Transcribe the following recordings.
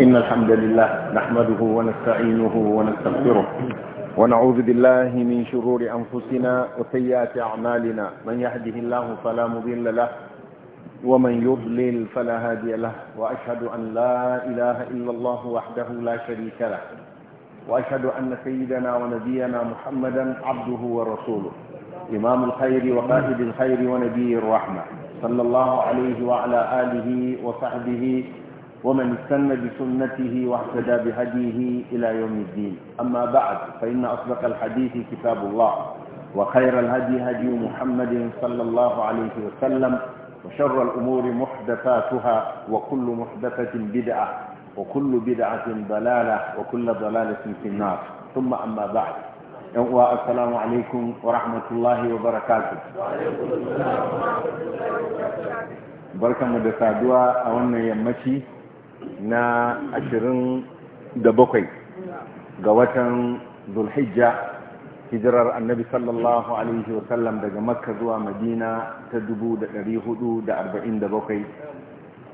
إن الحمد لله نحمده ونستعينه ونستغفره ونعوذ بالله من شرور أنفسنا وسيئات أعمالنا من يهده الله فلا مضل له ومن يضلل فلا هادي له وأشهد أن لا إله إلا الله وحده لا شريك له وأشهد أن سيدنا ونبينا محمدا عبده ورسوله إمام الخير وقائد الخير ونبي الرحمة صلى الله عليه وعلى آله وصحبه ومن استنى بسنته واهتدى بهديه إلى يوم الدين أما بعد فإن أصدق الحديث كتاب الله وخير الهدي هدي محمد صلى الله عليه وسلم وشر الأمور محدثاتها وكل محدثة بدعة وكل بدعة ضلالة وكل ضلالة في النار ثم أما بعد السلام عليكم ورحمة الله وبركاته بركة مدفع دعاء أولنا يمشي na ashirin 27 ga watan zulhijja hijirar annabi sallallahu alaihi wasallam daga makka zuwa madina ta bakwai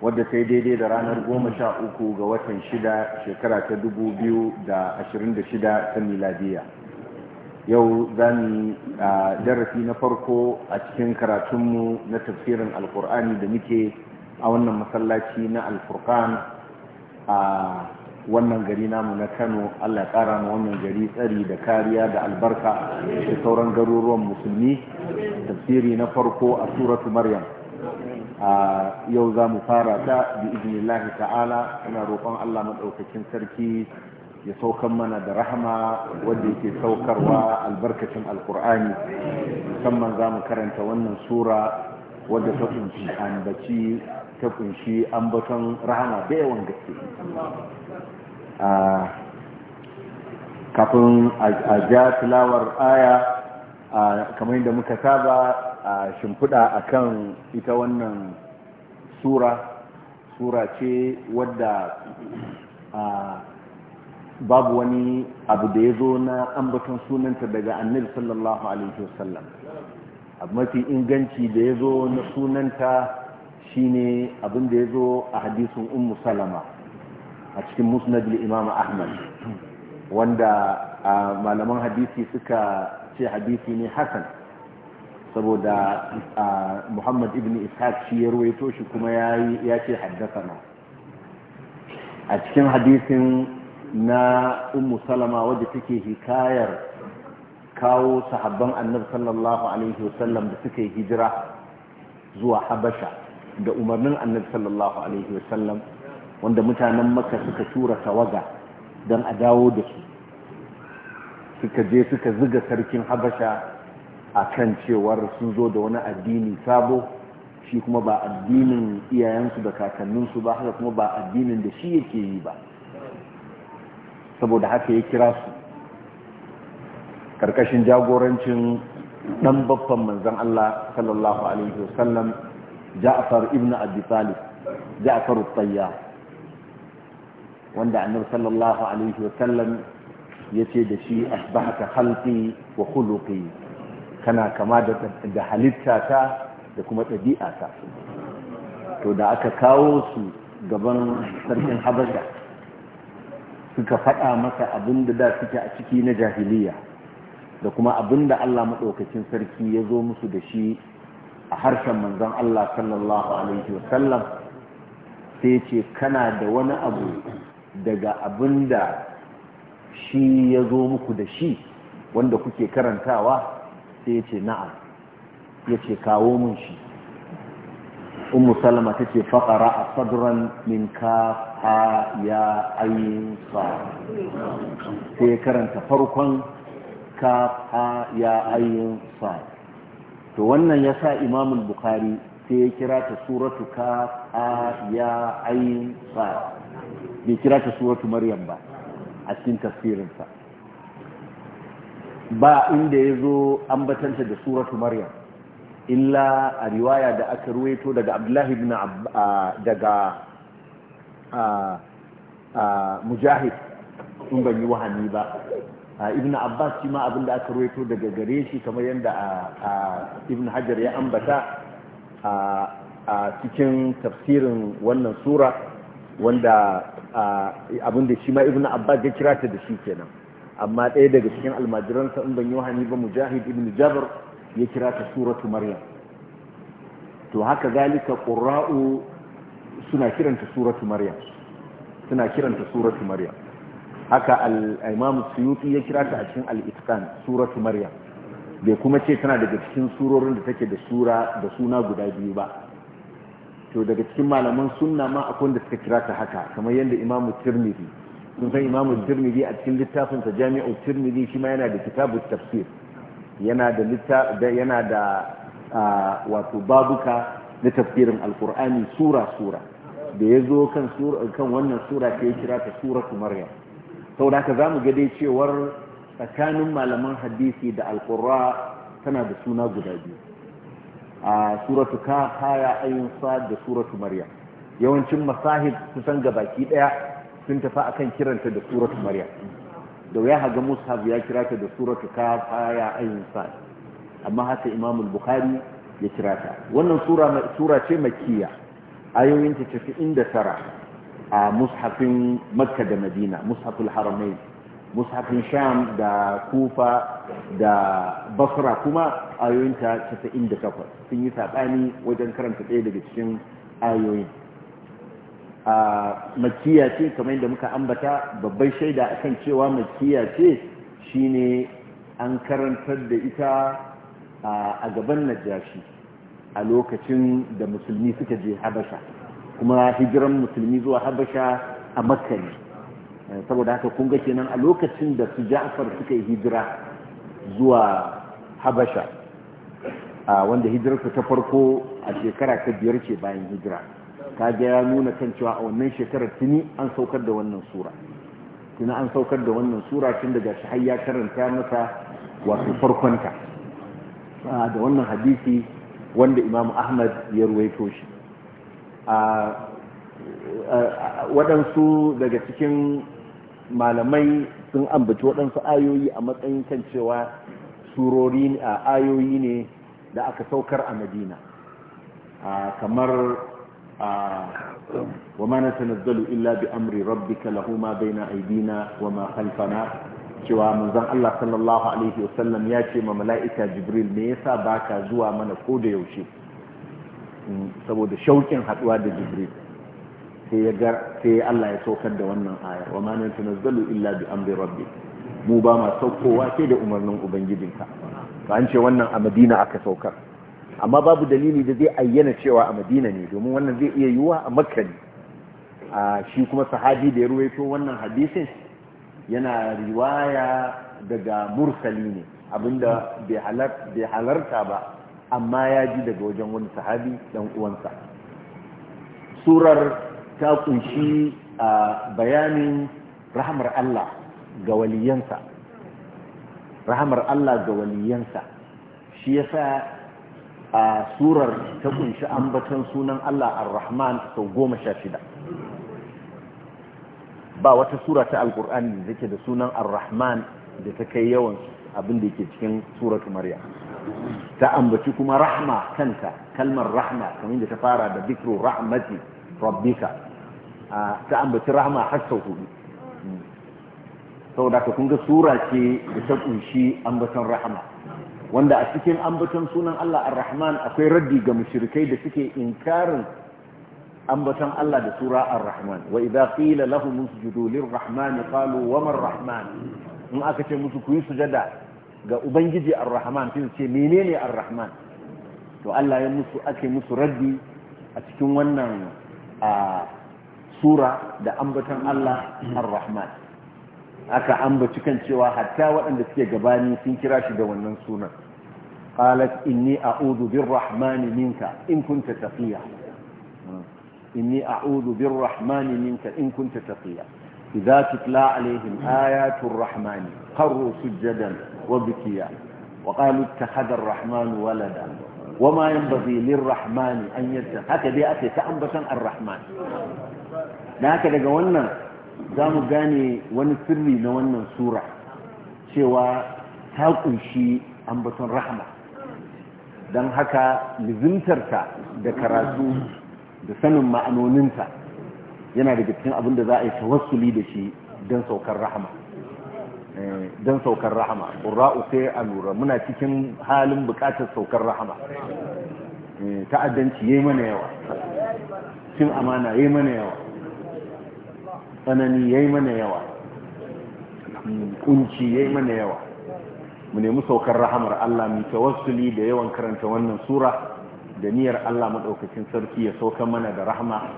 wadda sai daidai da ranar goma sha uku ga watan Shida shekara ta dubu biyu da da shida ta miladiya yau za mu darasi na farko a cikin karatunmu na tafsirin alkur'ani da muke a wannan masallaci na alfurkan a wannan gari namu na kano allah ƙara ma wannan gari tsari da kariya da albarka da sauran garuruwan musulmi tafsiri na farko a suratu maryam a yau za mu fara ta bi iznillahi ta'ala ina roƙon allah maɗaukakin sarki ya saukan mana da rahama wadda yake saukarwa albarkacin alkur'ani musamman za mu karanta wannan sura wadda ta kunshi ambaci ta kunshi ambaton rahama da yawan gaske kafin a ja tilawar aya kamar yadda muka saba a shimfiɗa a kan ita wannan sura sura ce wadda babu wani abu da ya zo na ambaton sunanta daga annabi sallallahu alaihi wasallam mafi inganci da ya zo na sunanta shine abin da ya zo a hadisin ummu salama a cikin musnad imam ahmad wanda malaman hadisi suka ce hadisi ne hasan saboda muhammad ibn ishaq shi ya ruwaito shi kuma ya ce haddasana a cikin hadisin na ummu salama wadda take hikayar kawo sahabban annabi sallallahu alaihi wasallam da suka yi hijira zuwa habasha da umarnin annabi sallallahu alaihi wasallam wanda mutanen maka suka tura tawaga don a dawo da su suka je suka ziga sarkin habasha a kan cewar sun zo da wani addini sabo shi kuma ba addinin iyayensu da kakanninsu ba haka kuma ba addinin da shi yake yi ba saboda haka ya kira su ƙarƙashin jagorancin ɗan babban manzan Allah sallallahu Alaihi wasallam ja'far ibn abi talib ja'far wanda annabi sallallahu alaihi wa sallam yace da shi asbahaka khalqi wa khuluqi kana kama da halitta halittata da kuma ɗabi'ata to da aka kawo su gaban sarkin habasha suka faɗa masa abin da da suke a ciki na jahiliya da kuma abin da Allah maɗaukacin sarki ya zo musu da shi a harshen manzon Allah sallallahu alaihi wasallam sai ce kana da wani abu daga abin da shi ya zo muku da shi wanda kuke karantawa sai ya ce na'am ya ce kawo mun shi umu salama ta ce faƙara a sadran min ka ha ya ayin sai ya karanta farkon ka ha ya ayin to wannan ya sa imamun bukhari sai ya kira ta suratu ka a ya ayin sa bai kira ta suratu maryam ba a cikin tafsirinsa ba inda ya zo ambatanta da suratu maryam illa a riwaya da aka ruwaito daga abdullahi ibn daga mujahid in ban yi wahani ba ibn abbas shi ma abin aka ruwaito daga gare shi kamar yadda ibn hajar ya ambata a cikin tafsirin wannan sura wanda abin da shi ma ibn abbas ya kira ta da shi kenan amma ɗaya daga cikin almajiransa in ban yi wahani ba mujahid ibn jabir ya kira ta suratu maryam to haka zalika qurra'u suna kiranta suratu maryam suna kiranta suratu maryam haka al suyuti ya kira ta a cikin al suratu maryam bai kuma ce tana daga cikin surorin da take da sura da suna guda biyu ba to daga cikin malaman sunna ma akwai wanda suka kira ta haka kamar yadda imam tirmidhi sun san imam tirmidhi a cikin littafin sa jami'u tirmidhi shi ma yana da kitabu tafsir yana da litta yana da wato babuka na tafsirin alkur'ani sura sura da ya zo kan wannan sura ta ya kira ta suratu maryam saboda haka za mu ga dai cewar tsakanin malaman hadisi da alƙura tana da suna guda biyu a suratu ka haya ayin da suratu marya. yawancin masahib kusan baki ɗaya sun tafi akan kiranta da suratu maryam da ya haga mushaf ya kira ta da suratu ka haya ayin amma haka Imamul bukhari ya kira ta wannan sura sura ce makkiya ayoyin ta tara. a mushafin makka da madina mushafin haramai mushafin sham da kufa da basra kuma ayoyinta 98 sun yi saɓani wajen karanta ɗaya daga cikin ayoyin a makiya ce kamar yadda muka ambata babban shaida a kan cewa makiya ce shine an karantar da ita a gaban najashi a lokacin da musulmi suka je habasha kuma hijiran musulmi zuwa habasha a makka eh, saboda haka kun ga kenan a lokacin da su ja'afar suka yi hijira zuwa habasha wanda hijirarsa ta farko a shekara ta biyar ce bayan hijira ka ya nuna kan cewa a wannan shekarar tuni an saukar da wannan sura tuni an saukar da wannan sura tun daga shi har ya karanta masa wato farkonta ah, da wannan hadisi wanda imamu ahmad ya ruwaito shi a waɗansu daga cikin malamai sun ambaci waɗansu ayoyi a matsayin kan cewa surori a ayoyi ne da aka saukar a madina kamar wa ma natanazzalu illa bi amri rabbika lahu ma baina aidina wa ma khalfana cewa manzon Allah sallallahu alaihi wasallam ya ce ma mala'ika Jibril me yasa baka zuwa mana ko da yaushe saboda shaukin haduwa da jibril sai ya gar sai Allah ya saukar da wannan aya wa ma nan tunazzalu illa bi amri rabbi mu ba ma saukowa sai da umarnin ubangijinka to an ce wannan a Madina aka saukar amma babu dalili da zai ayyana cewa a Madina ne domin wannan zai iya yiwuwa a Makka ne a shi kuma sahabi da ya ruwaito wannan hadisin yana riwaya daga mursali ne abinda bai halarta ba amma ya ji daga wajen wani sahabi dan uwansa surar ta kunshi bayanin rahmar Allah ga waliyansa rahamar Allah ga waliyansa shi yasa a surar ta kunshi ambaton sunan Allah ar-Rahman sau goma sha shida ba wata sura ta alkur'ani da take da sunan ar-Rahman da ta kai yawan abin da yake cikin suratu Maryam ta ambaci kuma rahma kanta kalmar rahma kamar da ta fara da zikru rahmati rabbika ta ambaci rahma har sau hudu saboda ka kunga sura ce da ta kunshi ambaton rahma wanda a cikin ambaton sunan Allah ar-Rahman akwai raddi ga mushrikai da suke inkarin ambaton Allah da sura ar-Rahman wa idza qila lahum usjudu lir-Rahman qalu wa man rahman in aka ce musu ku yi sujada ga ubangiji ar-rahman ce menene ar-rahman to Allah ya musu ake musu raddi a cikin wannan sura da ambaton Allah ar-rahman aka ambaci kan cewa hatta waɗanda suke gabani sun kira shi da wannan sunan qalat inni a'udhu birrahmani minka in kunta taqiya inni a'udhu birrahmani minka in kunta taqiya idza tutla alaihim ayatu rahmani qarru sujadan وبكيا وقالوا اتخذ الرحمن ولدا haka dai للرحمن أن يتخذ هكذا أتي تأنبسا الرحمن هكذا قولنا zamu gane wani sirri na wannan sura cewa ta kunshi ambaton rahma don haka lizimtarta da karatu da sanin ma'anoninta yana daga cikin abin da za a yi tawassuli da shi don saukar rahma. Eh, don saukar rahama ƙura'u sai a lura muna cikin halin bukatar saukar rahama eh, ta'addanci ya yi mana yawa cin amana ya yi mana yawa tsanani ya mana yawa kunci hmm, ya mana yawa mu nemi saukar rahamar Allah mu tawassuli da yawan karanta wannan sura da niyyar Allah maɗaukacin sarki ya sauka mana da rahama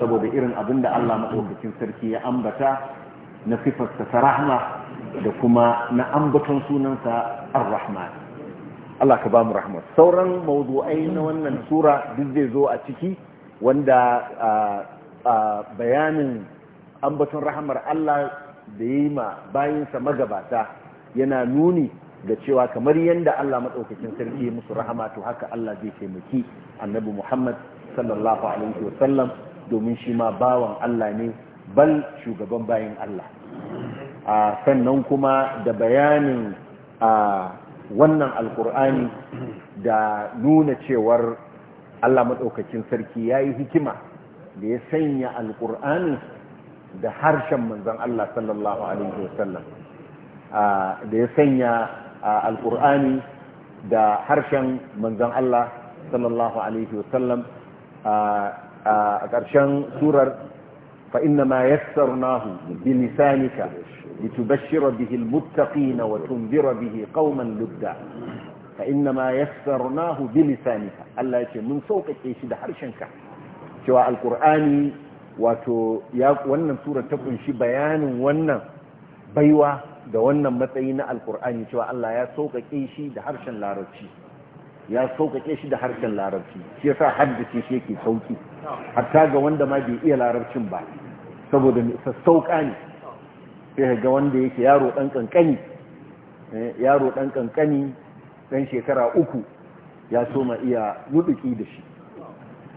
saboda irin abin da Allah maɗaukacin sarki ya ambata na sifar ta rahama da kuma na ambaton sunansa ar-rahman Allah ka ba mu rahmat sauran mawdu'ai na wannan sura duk zai zo a ciki wanda a bayanin ambaton rahmar Allah da yi ma bayinsa magabata yana nuni da cewa kamar yadda Allah maɗaukakin sarki ya musu rahama to haka Allah zai taimaki annabi Muhammad sallallahu alaihi wasallam domin shi ma bawan Allah ne bal shugaban bayin Allah a sannan kuma da bayanin a wannan alkur'ani da nuna cewar Allah maɗaukakin sarki ya yi hikima da ya sanya alkur'ani da harshen manzan Allah sallallahu Alaihi wasallam da ya sanya alkur'ani da harshen manzan Allah sallallahu Alaihi wasallam a ƙarshen surar فإنما يسرناه بلسانك لتبشر به المتقين وتنذر به قوما لدا فإنما يسرناه بلسانك ألا يتشي من فوق التعيش ده حرشنك شواء القرآن وأن سورة تكون شي بيان وأن بيوة ده وأن متين القرآن شواء الله يسوق التعيش ده حرشن لا رجيه ya sauƙaƙe shi da harshen larabci shi yasa haddace shi yake sauƙi hatta ga wanda ma bai iya larabcin ba saboda sauƙa ne sai ga wanda yake yaro ɗan ƙanƙani eh, yaro ɗan ƙanƙani ɗan shekara uku ya so ma iya nuɗuƙi da shi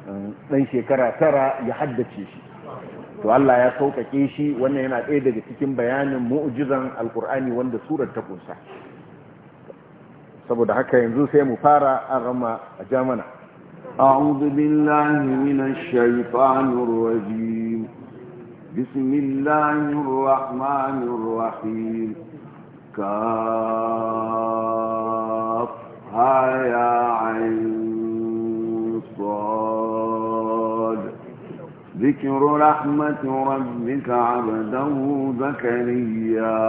eh, ɗan shekara tara ya haddace shi to Allah ya sauƙaƙe shi wannan yana ɗaya daga cikin bayanin mu'jizan alƙur'ani wanda surar ta ƙunsa. saboda haka yanzu sai mu fara arama a jamana أعوذ بالله من الشيطان الرجيم بسم الله الرحمن الرحيم كافها يا عين صاد ذكر رحمة ربك عبده زكريا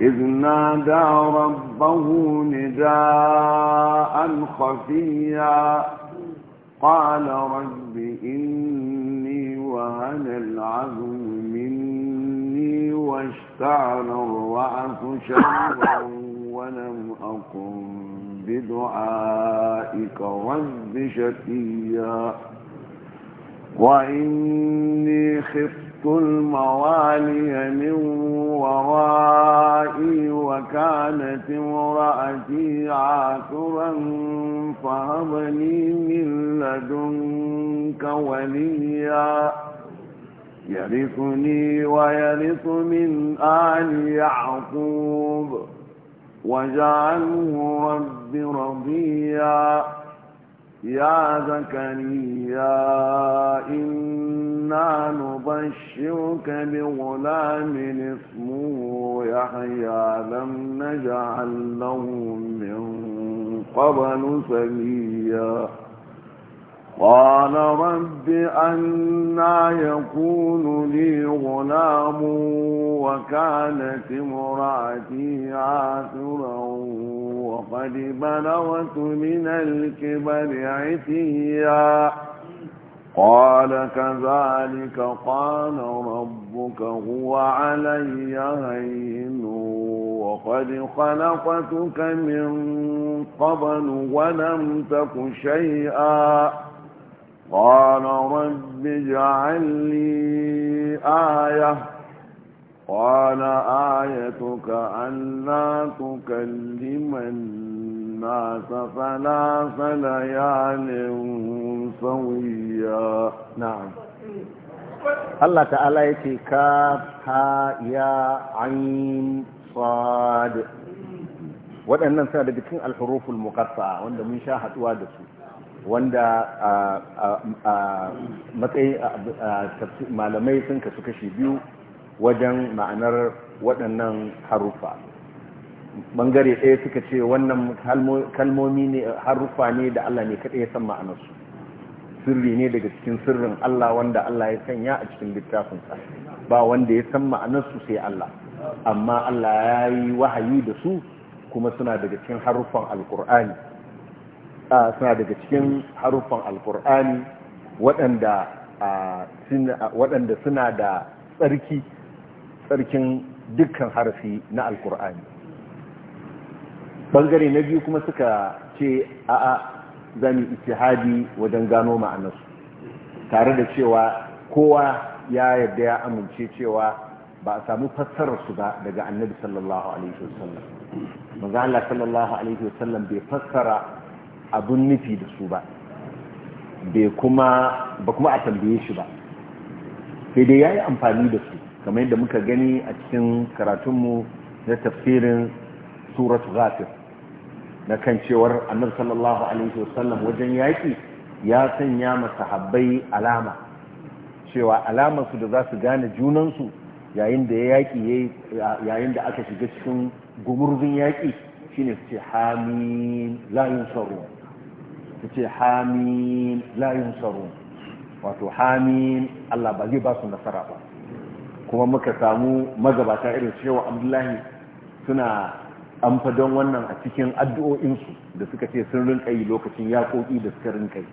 إذ نادى ربه نداء خفيا قال رب إني وهن العظم مني واشتعل الرعف شرا ولم أقم بدعائك رب شكيا وإني خفت الموالي من ورائي وكانت امرأتي عاثرا فهب لي من لدنك وليا يرثني ويرث من آل يعقوب واجعله رب رضيا يا زكريا إن إنا نبشرك بغلام اسمه يحيى لم نجعل له من قبل سميا قال رب أنا يكون لي غلام وكانت امرأتي عاثرا وقد بلغت من الكبر عتيا قال كذلك قال ربك هو علي هين وقد خلقتك من قبل ولم تك شيئا قال رب اجعل لي آية قال آيتك ألا تكلمني الناس ثلاث ليال سويا نعم Allah ta'ala ya ce ka ha ya ayin sad waɗannan suna daga cikin alhuruful muqatta wanda mun sha haɗuwa da su malamai sun kasu kashi biyu wajen ma'anar waɗannan harufa bangare ɗaya suka ce wannan kalmomi ne harufa ne da Allah ne kaɗai ya san ma'anarsu sirri ne daga cikin sirrin Allah wanda Allah ya sanya a cikin littafinsa ba wanda ya san ma'anarsu sai Allah amma Allah ya yi wahayi da su kuma suna daga cikin harufan alkur'ani suna daga cikin harufan alkur'ani waɗanda suna da tsarki tsarkin dukkan harafi na alkur'ani bangare na biyu kuma suka ce a'a za mu istihadi wajen gano ma'anarsu tare da cewa kowa ya yarda ya amince cewa ba a samu fassarar su ba daga annabi sallallahu alaihi wasallam manzo Allah sallallahu alaihi wasallam bai fassara abun nufi da su ba bai kuma ba kuma a tambaye shi ba sai dai yayi amfani da su kamar yadda muka gani a cikin karatunmu na tafsirin suratul ghafir na kan cewar annabi sallallahu alaihi wasallam wajen yaƙi ya sanya habbai alama cewa alamarsu da za su gane junansu yayin da ya yaƙi yayin da aka shiga cikin gumurzun yaƙi shine su ce hamin layin tsaro su ce hamin layin tsaro wato hamin allah ba zai ba su nasara ba kuma muka samu magabata irin cewa abdullahi suna an fa don wannan a cikin addu'o'insu da suka ce sun rinka yi lokacin yaƙoƙi da suka rinka yi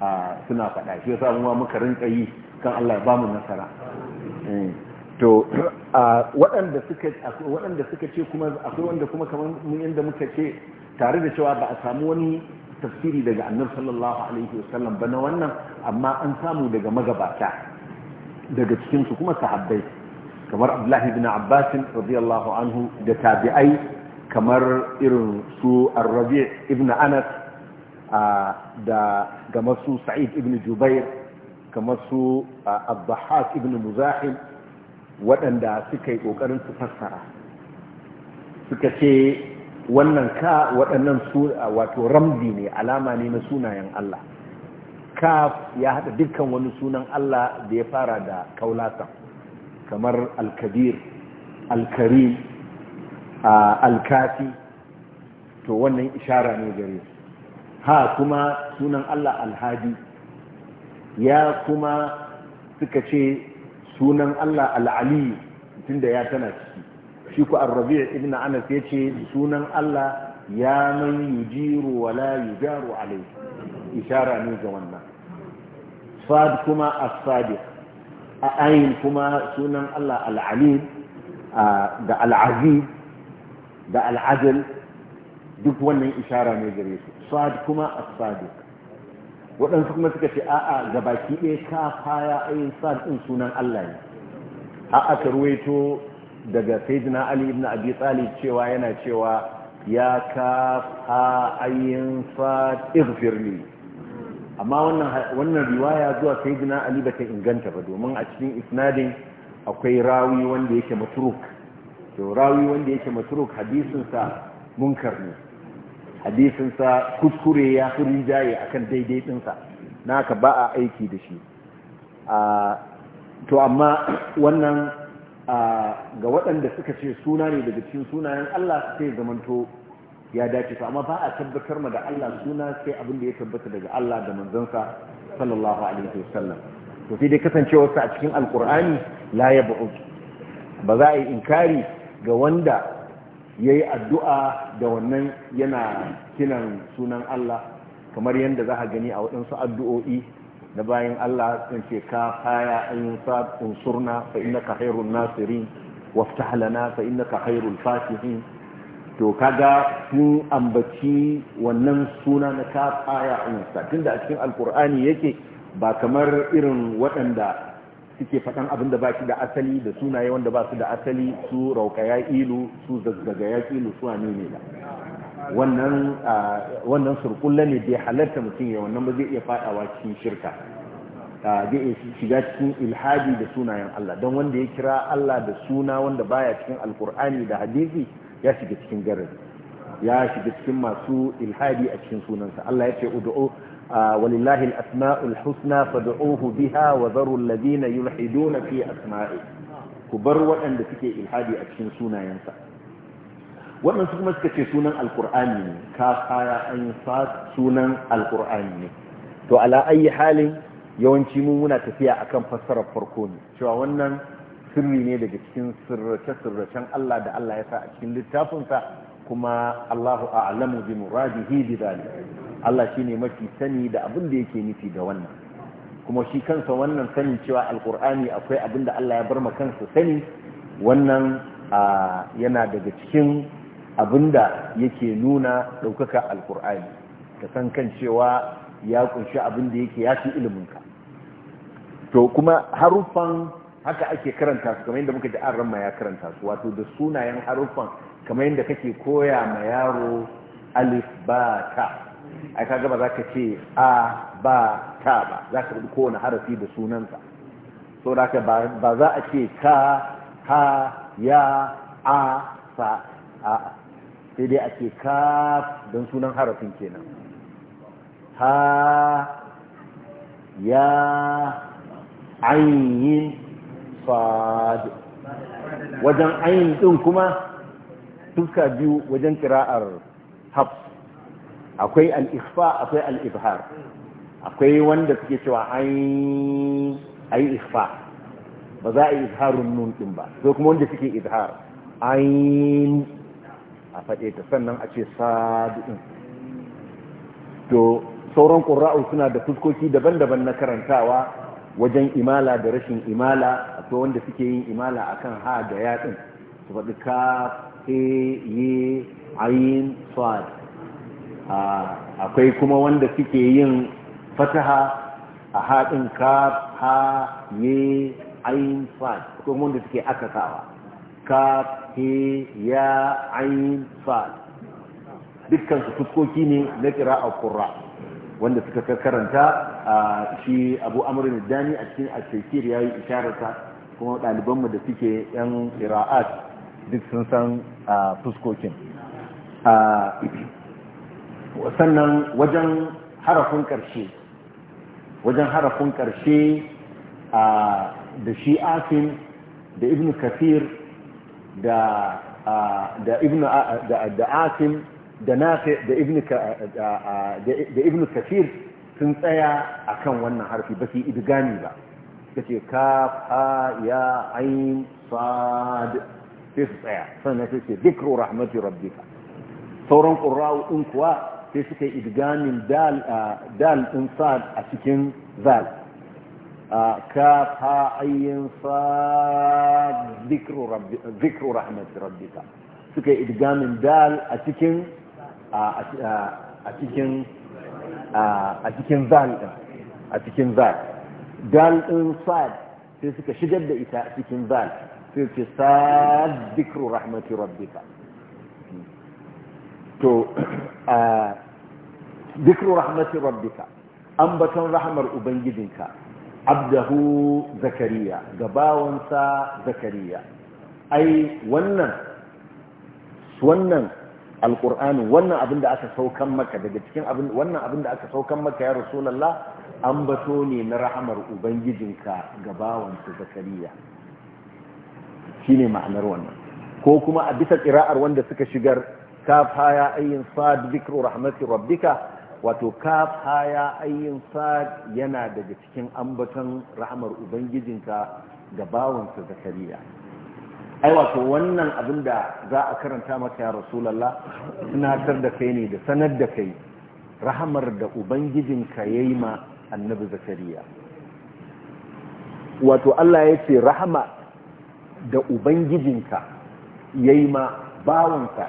a suna faɗa shi samu muwa muka rinka yi kan Allah ba mu nasara eh, to waɗanda suka waɗanda suka ce kuma akwai wanda kuma kamar mun yanda muka ce tare da cewa ba a samu wani tafsiri daga annabi sallallahu alaihi wasallam ba na wannan amma an samu daga magabata daga cikin su kuma sahabbai kamar abdullahi bin abbas radiyallahu anhu da tabi'ai kamar irin su ar ibn anas da kamar su sa'id ibn jubair kamar su abdahak ibn muzahim waɗanda suka yi ƙoƙarin su fassara suka ce wannan ka waɗannan su wato ramzi ne alama ne na sunayen Allah ka ya haɗa dukkan wani sunan Allah da ya fara da kaulatan kamar alkabir alkarim alkafi to wannan ishara ne gare ha kuma sunan Allah alhadi ya kuma suka ce sunan Allah al'ali tunda ya tana ciki shi ku arrabi' ibn anas ya ce sunan Allah ya man yujiru wa la yujaru alai ishara ne ga wannan Fad kuma as-sadiq ayin kuma sunan Allah al'alim da al'aziz da al'adil duk wannan ishara ne gare su sad kuma as-sadiq waɗansu kuma suka ce a'a ga baki ɗaya ka faya ayin sad ɗin sunan Allah ne a aka ruwaito daga sayyidina ali ibn abi talib cewa yana cewa ya ka fa ayin sad ighfirli amma wannan riwaya zuwa sayyidina ali ba ta inganta ba domin a cikin isnadin akwai rawi wanda yake matruk to rawi wanda yake matruk hadisin sa munkar ne hadisin sa kuskure ya fi jaye akan daidai din sa naka ba a aiki da shi a to amma wannan ga waɗanda suka ce suna ne daga cikin sunayen Allah sai zamanto ya dace su amma ba a tabbatar ma da Allah suna sai abin da ya tabbata daga Allah da manzansa sallallahu alaihi wasallam to sai dai kasancewarsa a cikin alqur'ani la yab'ud ba za a yi inkari ga wanda yayi addu'a da wannan yana kinan sunan Allah kamar yadda za a gani a waɗansu addu'o'i na bayan Allah sun ce ka haya an yusab unsurna fa innaka khairun nasirin waftah lana fa innaka khairul fatihin to kaga sun ambaci wannan suna na ta tsaya a tunda a cikin alkur'ani yake ba kamar irin waɗanda suke faɗan abin da ba shi da asali da sunaye wanda ba su da asali su Rauka ya ilu su ya ilu su a ne da wannan wannan surkulla ne bai halarta mutum ya wannan ba zai iya faɗawa cikin shirka zai iya shiga cikin ilhadi da sunayen Allah don wanda ya kira Allah da suna wanda baya cikin alkur'ani da hadisi ya shiga cikin garin ya shiga cikin masu ilhadi a cikin sunansa Allah ya ce ud'u walillahi al-asma'ul husna fad'uhu biha wa dharu alladhina yulhiduna fi asma'i ku bar waɗanda suke ilhadi a cikin sunayensa wannan su kuma suka ce sunan alqur'ani ne ka kaya an sa sunan alqur'ani ne to ala ayi halin yawanci mun muna tafiya akan fassarar farko ne cewa wannan sirri ne daga cikin sirrace-sirracen Allah da Allah ya sa a cikin littafinsa kuma Allahu a'lamu bi muradihi bi dhalik Allah shine mafi sani da abin da yake nufi da wannan kuma shi kansa wannan sanin cewa alqur'ani akwai abin da Allah ya bar ma kansa sani wannan yana daga cikin abin da yake nuna ɗaukaka alqur'ani ka san kan cewa ya kunshi abin da yake ya fi ka to kuma haruffan haka ake karanta su kamar yadda muka ji an ma ya karanta su wato da sunayen haruffan kamar yadda kake koya ma yaro alif ba ta ai kaga ba za ka ce a ba ta ba za ka rubu kowane harafi da sunansa so da ka ba za a ce ka ha ya a sa a sai dai a ka don sunan harafin kenan ha ya ainihin sad wajen ayin ɗin kuma tuska biyu wajen kira'ar hafs akwai al-ikhfa akwai al akwai wanda suke cewa ayin ayi ba za a yi izharun nun ɗin ba sai kuma wanda suke izhar ayin a faɗe ta sannan a ce sad to sauran ƙura'u suna da fuskoki daban-daban na karantawa wajen imala da rashin imala akwai wanda suke yin imala akan ha da yatsin su faɗi ka e yi ayin swad akwai kuma wanda suke yin fataha a haɗin ka ha yi ayin swad akwai wanda suke akakawa ka he ya ayin swad dukkan su fuskoki ne na kira a kurra wanda suka karanta shi abu amurin dani a cikin ashekir ya yi ishararsa kuma ɗalibanmu da suke yan ira'at duk sun san fuskokin sannan wajen harafin ƙarshe wajen harafin ƙarshe da shi asin da ibn kafir da ibn da asim da nafi da ibn kafir sun tsaya akan wannan harfi ba su idgani ba kace ka fa ya ain sad su tsaya sannan sai ce dikro rahmatir rabbika sauran qurra'u ɗin kuwa sai suka yi idgamin dal ɗin sad a cikin zal ka fa ain sad rabbika dikro rahmatir rabbika suka yi idgamin dal a cikin a cikin a cikin zal din a cikin zal dal din sad sai suka shigar da ita a cikin zal sai ce sad dhikru rahmati rabbika to a dhikru rahmati rabbika ambaton rahmar ubangijinka abdahu zakariya gabawansa zakariya ai wannan wannan alqur'ani wannan abin da aka saukan maka daga cikin wannan abin da aka saukan maka ya rasulallah an bato ne na rahamar ubangijinka ga bawansa zakariya ne ma'anar wannan ko kuma a bisa ƙira'ar wanda suka shigar kaf haya ayyin sad zikru rahmati rabbika wato kaf haya ayyin sad yana daga cikin ambaton rahamar ubangijinka ga bawansa zakariya ai wato wannan abin da za a karanta maka ya rasulallah tunatar da kai ne da sanar da kai rahamar da ubangijinka ya yi ma annabi zakariya wato Allah ya ce rahama da ubangijinka ya yi ma bawanka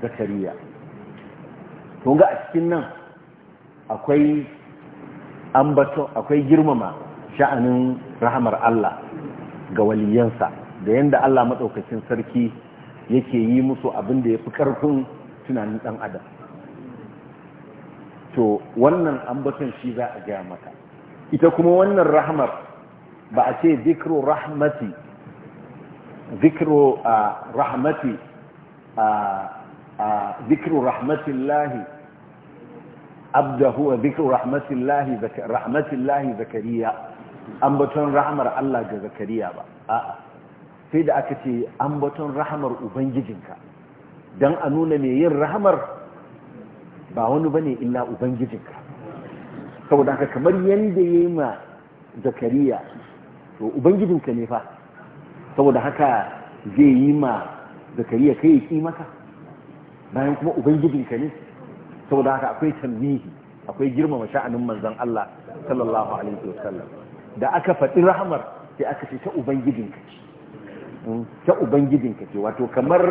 zakariya tunga a cikin nan akwai ambaton akwai girmama sha'anin rahamar Allah ga waliyansa da yadda Allah maɗaukacin sarki yake yi musu abin da ya fi ƙarfin tunanin ɗan adam to wannan ambaton shi za a gaya maka ita kuma wannan rahmar ba a ce zikro rahmati zikro rahmati zikro rahmatillahi abda huwa zikro rahmatillahi zakariya ambaton rahmar Allah ga zakariya ba a'a sai da aka ce ambaton rahamar ubangijinka don a nuna mai yin rahamar ba wani bane illa ubangijinka saboda haka kamar yadda ya yi ma zakariya to ubangijinka ne fa saboda haka zai yi ma zakariya kai ya ƙi maka bayan kuma ubangijinka ne saboda haka akwai tambihi akwai girmama sha'anin manzan Allah sallallahu alaihi wasallam da aka faɗi rahamar sai aka ce ta ubangijinka ce ta ubangijinka ce wato kamar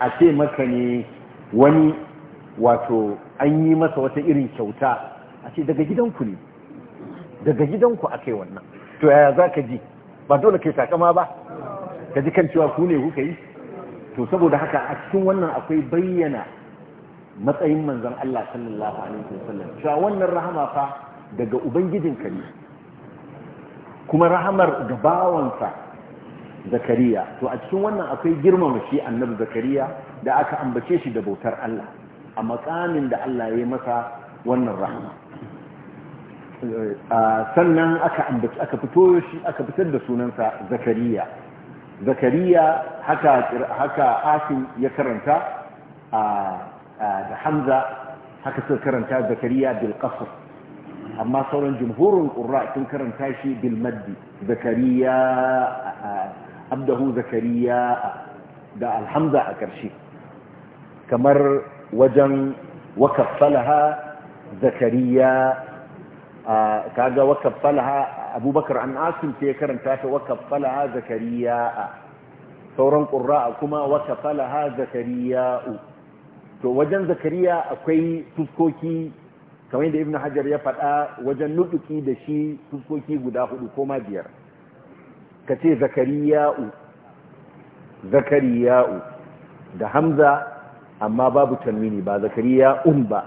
a ce maka ne wani wato an yi masa wata irin kyauta a ce daga gidanku ne daga gidanku a kai wannan to yaya za ka ji ba dole kai takama ba ka ji kan cewa ku ne kuka yi to saboda haka a cikin wannan akwai bayyana matsayin manzan Allah sallallahu alaihi wasallam cewa wannan rahama fa daga ubangijinka ne kuma rahamar ga bawansa zakariya to a cikin wannan akwai girmama shi annabi zakariya da aka ambace shi da bautar Allah a makamin da Allah ya masa wannan rahama sannan aka ambace aka fito shi aka fitar da sunansa zakariya zakariya haka haka ya karanta da hamza haka suka karanta zakariya bil qasr amma sauran jumhurin qurra sun karanta shi bil maddi zakariya abdahu zakariya da alhamza a ƙarshe kamar wajen wakaffalaha zakariya kaga wakaffalaha abubakar an asim sai ya karanta ta wakafalaha zakariya sauran ƙura'a kuma wakaffalaha zakariya to wajen zakariya akwai fuskoki kamar yadda ibn hajar ya faɗa wajen nuduki da shi fuskoki guda hudu ko ma biyar ka ce zakariya'u zakariya'u da hamza amma babu tanwini ba zakariya'un ba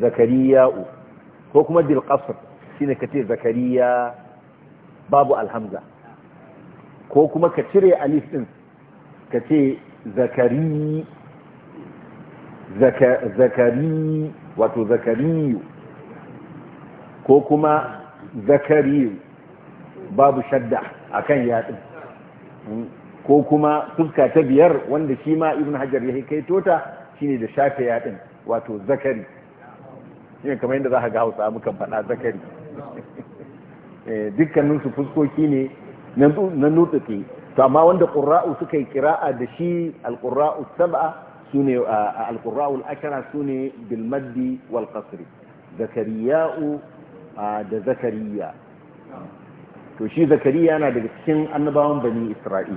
zakariya'u ko kuma bilqasr shine ka ce zakariya babu alhamza ko kuma ka cire alif din ka ce zakari zakari wato zakariyu ko kuma Zakari babu shadda akan yaɗin hmm. ko kuma fuska ta biyar wanda shi ma ibn hajar ya kai tota shine da shafe yaɗin wato zakari shi kamar yadda za ka ga hausa muka faɗa zakari eh, dukkaninsu fuskoki ne na nutsuke to amma wanda ƙura'u suka yi kira'a da shi alƙura'u saba su ne alƙura'u al'ashara su ne bilmaddi wal zakariya'u da zakariya to shi zakariya yana daga cikin annabawan bani isra'il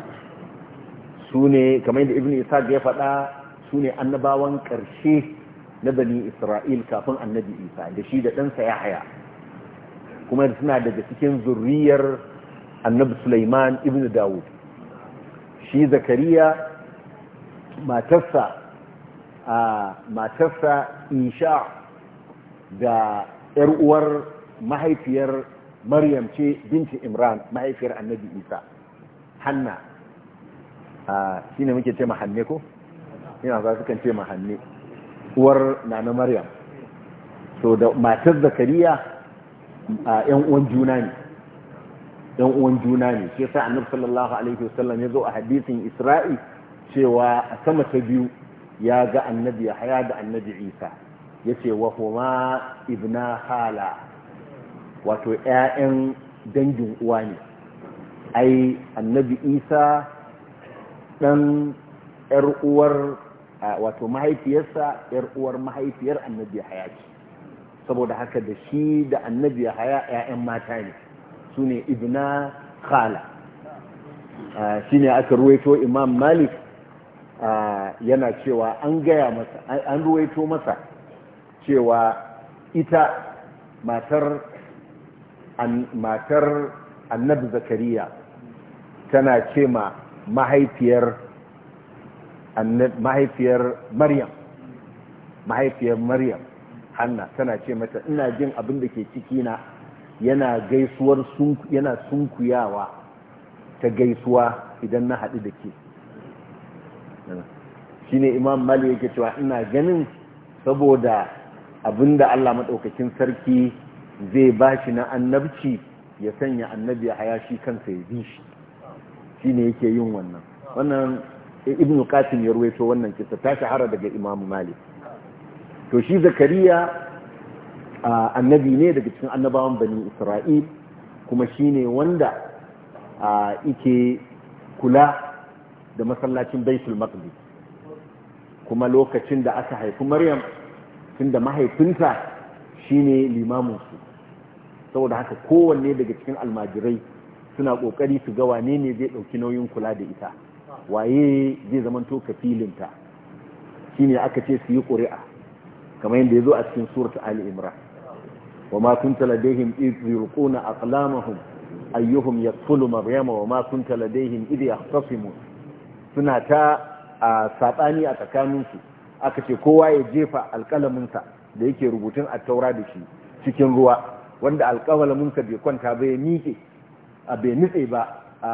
su ne kamar yadda ibn isaac ya faɗa su ne annabawan ƙarshe na bani isra'il kafin annabi isa da shi da ɗansa ya haya kuma suna daga cikin zurriyar annabi Suleiman ibn dawud shi zakariya matarsa a matarsa isha da 'yar uwar mahaifiyar maryam ce binti imran mahaifiyar annabi isa hanna shi ne muke ce mahanne ko? yana za su kan ce mahanne uwar nana maryam so da matar zakariya yan uwan juna ne yan uwan juna ne shi sa annabi sallallahu alaihi wasallam ya zo a hadisin isra'i cewa a sama ta biyu ya ga annabi ya haya da annabi isa ya ce wa huma ibna hala wato 'ya'yan dangin uwa ne ai annabi isa ɗan ƴar uwar wato mahaifiyarsa 'yar uwar mahaifiyar annabi yahaya ce saboda haka da shi da annabi yahaya 'ya'yan mata ne su ne ibna khala shi aka ruwaito imam malik yana cewa an gaya masa an ruwaito masa cewa ita matar matar annabi zakariya tana ce ma mahaifiyar mahaifiyar maryam mahaifiyar maryam hanna tana ce mata ina jin abin da ke cikina yana gaisuwar yana sunkuyawa ta gaisuwa idan na haɗu da ke shi ne imam mali yake cewa ina ganin saboda abinda allah maɗaukakin sarki zai ba shi na annabci ya sanya annabi a haya shi kansa ya bi shi shi ne yake yin wannan wannan ibn qasim ya ruwaito wannan kisa ta shahara daga imam malik to shi zakariya annabi ne daga cikin annabawan bani isra'il kuma shi ne wanda yake kula da masallacin baitul maqdis kuma lokacin da aka haifi maryam tun da mahaifinta shine su saboda haka kowanne daga cikin almajirai suna kokari su ga wane ne zai dauki nauyin kula da ita waye zai zama to kafilinta shine aka ce su yi ƙuri'a kamar yadda ya zo a cikin surta ali imran wa ma kunta ladaihim idh yulquna aqlamahum ayyuhum yaqtulu maryama wa ma kunta ladaihim idh yahtasimun suna ta a sabani a tsakaninsu aka ce kowa ya jefa alƙalaminsa da yake rubutun a taura da shi cikin ruwa wanda alƙawalaminsa bai kwanta ba ya miƙe a bai nutse ba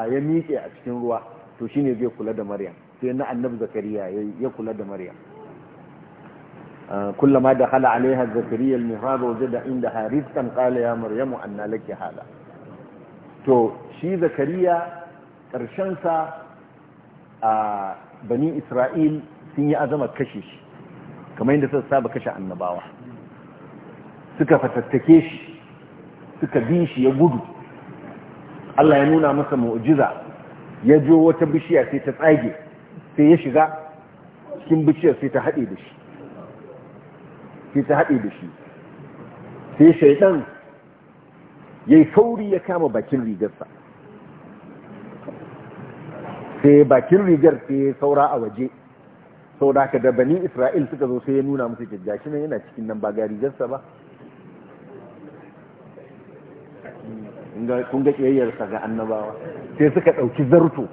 ya miƙe a cikin ruwa to shine zai kula da maryam sai na annabi zakariya ya kula da maryam كلما دخل عليها da inda Harif عندها رزقا قال يا مريم أن لك To to Zakariya ƙarshen ƙarshensa a bani isra'il sun yi azama kashe shi kamar yadda suka saba kashe annabawa suka fatattake shi suka bi shi ya gudu Allah ya nuna masa mu'jiza ya jo wata bishiya sai ta tsage sai ya shiga cikin bishiyar sai ta haɗe da shi sai ta haɗe da shi sai shaidan ya yi sauri ya kama bakin rigarsa sai bakin rigar sai ya saura a waje sau da haka da bani isra'il suka zo sai ya nuna musu jajjashi nan yana cikin nan ba ga rigarsa ba kun ga ƙiyayyarsa ga annabawa sai suka ɗauki zarto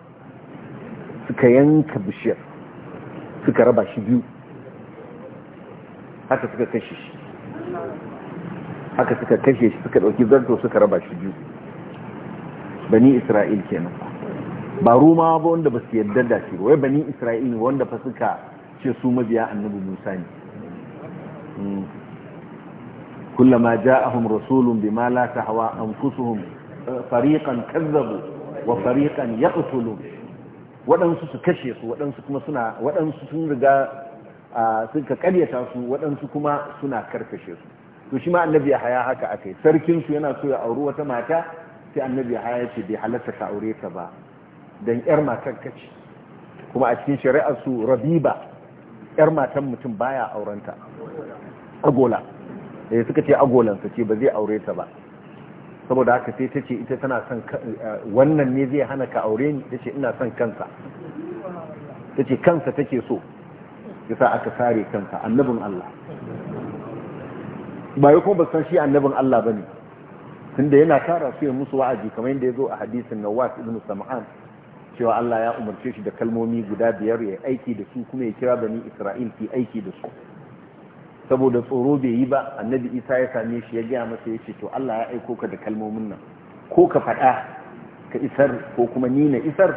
suka yanka bishiyar suka raba shi biyu haka suka kashe shi haka suka kashe shi suka ɗauki zarto suka raba shi biyu bani isra'il kenan ba ruma ba wanda ba su yadda da shi wai bani isra'il wanda fa suka ce su mabiya annabi musa ne hmm. kullama ja'ahum rasulun bima la tahwa anfusuhum fariqan kazzabu wa fariqan yaqtulun waɗansu su kashe su waɗansu kuma suna waɗansu sun riga ka karyata su waɗansu kuma suna karkashe su to shi ma annabi ya haya haka akai sarkin su yana so ya auri wata mata sai annabi ya haya ce bai halatta ka aure ta ba dan yar matar kace kuma a cikin shari'ar su rabiba yar matan mutum baya aurenta agola eh suka ce agolansa ce ba zai aure ta ba saboda haka sai ta ce ita tana son wannan ne zai hana ka aure ni ta ce ina son kansa ta ce kansa take so ya sa aka sare kansa annabin Allah ba yi kuma san shi annabin Allah bane ne tunda yana tara su ya musu wa'azi kamar yadda ya zo a hadisin Nawas ibn Sam'an cewa Allah ya umarce shi da kalmomi guda biyar ya aiki da su kuma ya kira bani Isra'il ki aiki da su saboda tsoro bai yi ba annabi isa ya same shi ya gaya masa ya ce to allah ya aiko ka da kalmomin nan ko ka faɗa ka isar ko kuma ni na isar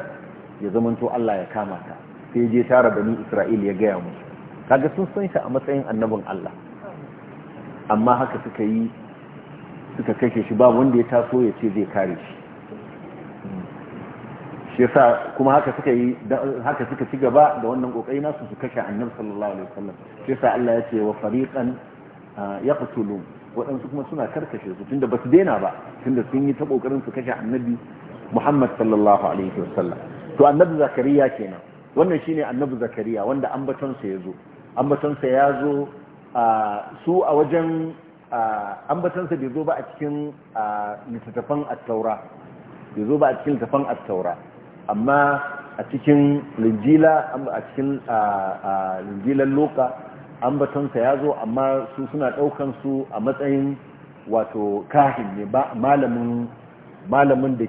ya zama to allah ya kama ta sai ya je tara bani isra'il ya gaya musu kaga sun san shi a matsayin annabin allah amma haka suka yi suka kashe shi ba wanda ya taso ya ce zai kare shi shi yasa kuma haka suka yi haka suka ci gaba da wannan kokari nasu su kashe annabi sallallahu alaihi wasallam shi yasa Allah ya ce wa fariqan ah, yaqtulun waɗansu kuma suna karkashe su tunda ba su daina ba tunda sun yi ta kokarin su kashe annabi Muhammad sallallahu alaihi wasallam to annabi zakariya kenan wannan shine annabi zakariya wanda ambaton sa yazo ambaton sa yazo ah, su a wajen ah, ambaton sa bai zo ba a cikin littattafan at-taura bai zo ba a cikin littattafan at-taura amma a cikin linjila a cikin linjilan loka ambatonsa ya zo amma su suna ɗaukan su a matsayin wato kahin ne malamin da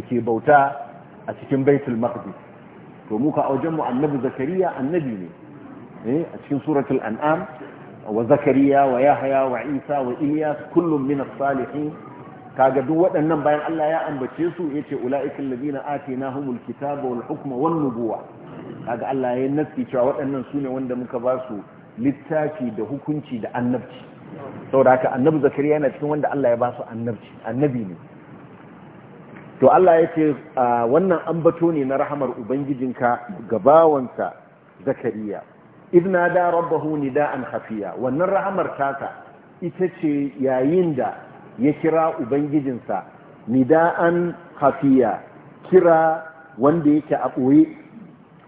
ke bauta a cikin baitul maqdis to muka a mu annabi zakariya annabi ne eh, a cikin suratul an'am wa zakariya wa yahya wa isa wa iliyas kullum min as-salihin kaga duk waɗannan bayan Allah ya ambace su yace ulaiikal ladina atainahumul kitaba wal hukma wan nubuwa kaga Allah ya nafi cewa waɗannan ne wanda muka ba su littafi da hukunci da annabci saboda haka annabi zakariya yana cikin wanda Allah ya ba su annabci annabi ne to Allah yace wannan ambato ne na rahamar ubangijinka ga bawanka zakariya idna da rabbahu nida'an khafiya wannan rahamar taka ita ce yayin da ya kira ubangijinsa nida'an hafiya kira wanda yake a ɓoye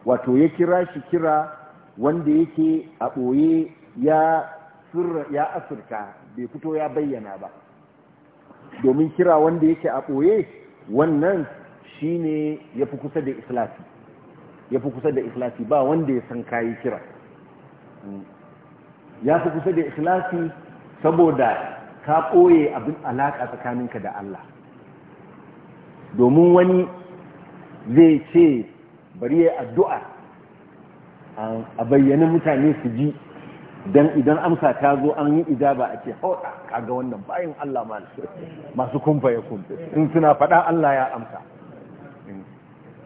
wato ya kira shi kira wanda yake a ɓoye ya surra ya asirka bai fito ya bayyana ba domin kira wanda yake a ɓoye wannan shine ya fi kusa da islasi ya fi kusa da islasi ba wanda ya san kayi kira ya fi kusa da islasi saboda ka ɓoye abin alaƙa tsakaninka da Allah domin wani zai ce bari ya addu'a a bayyana mutane su ji don idan amsa ta zo an yi ijaba a ke hauɗa kaga wannan bayan Allah masu kumfa ya kumfa in suna faɗa Allah ya amsa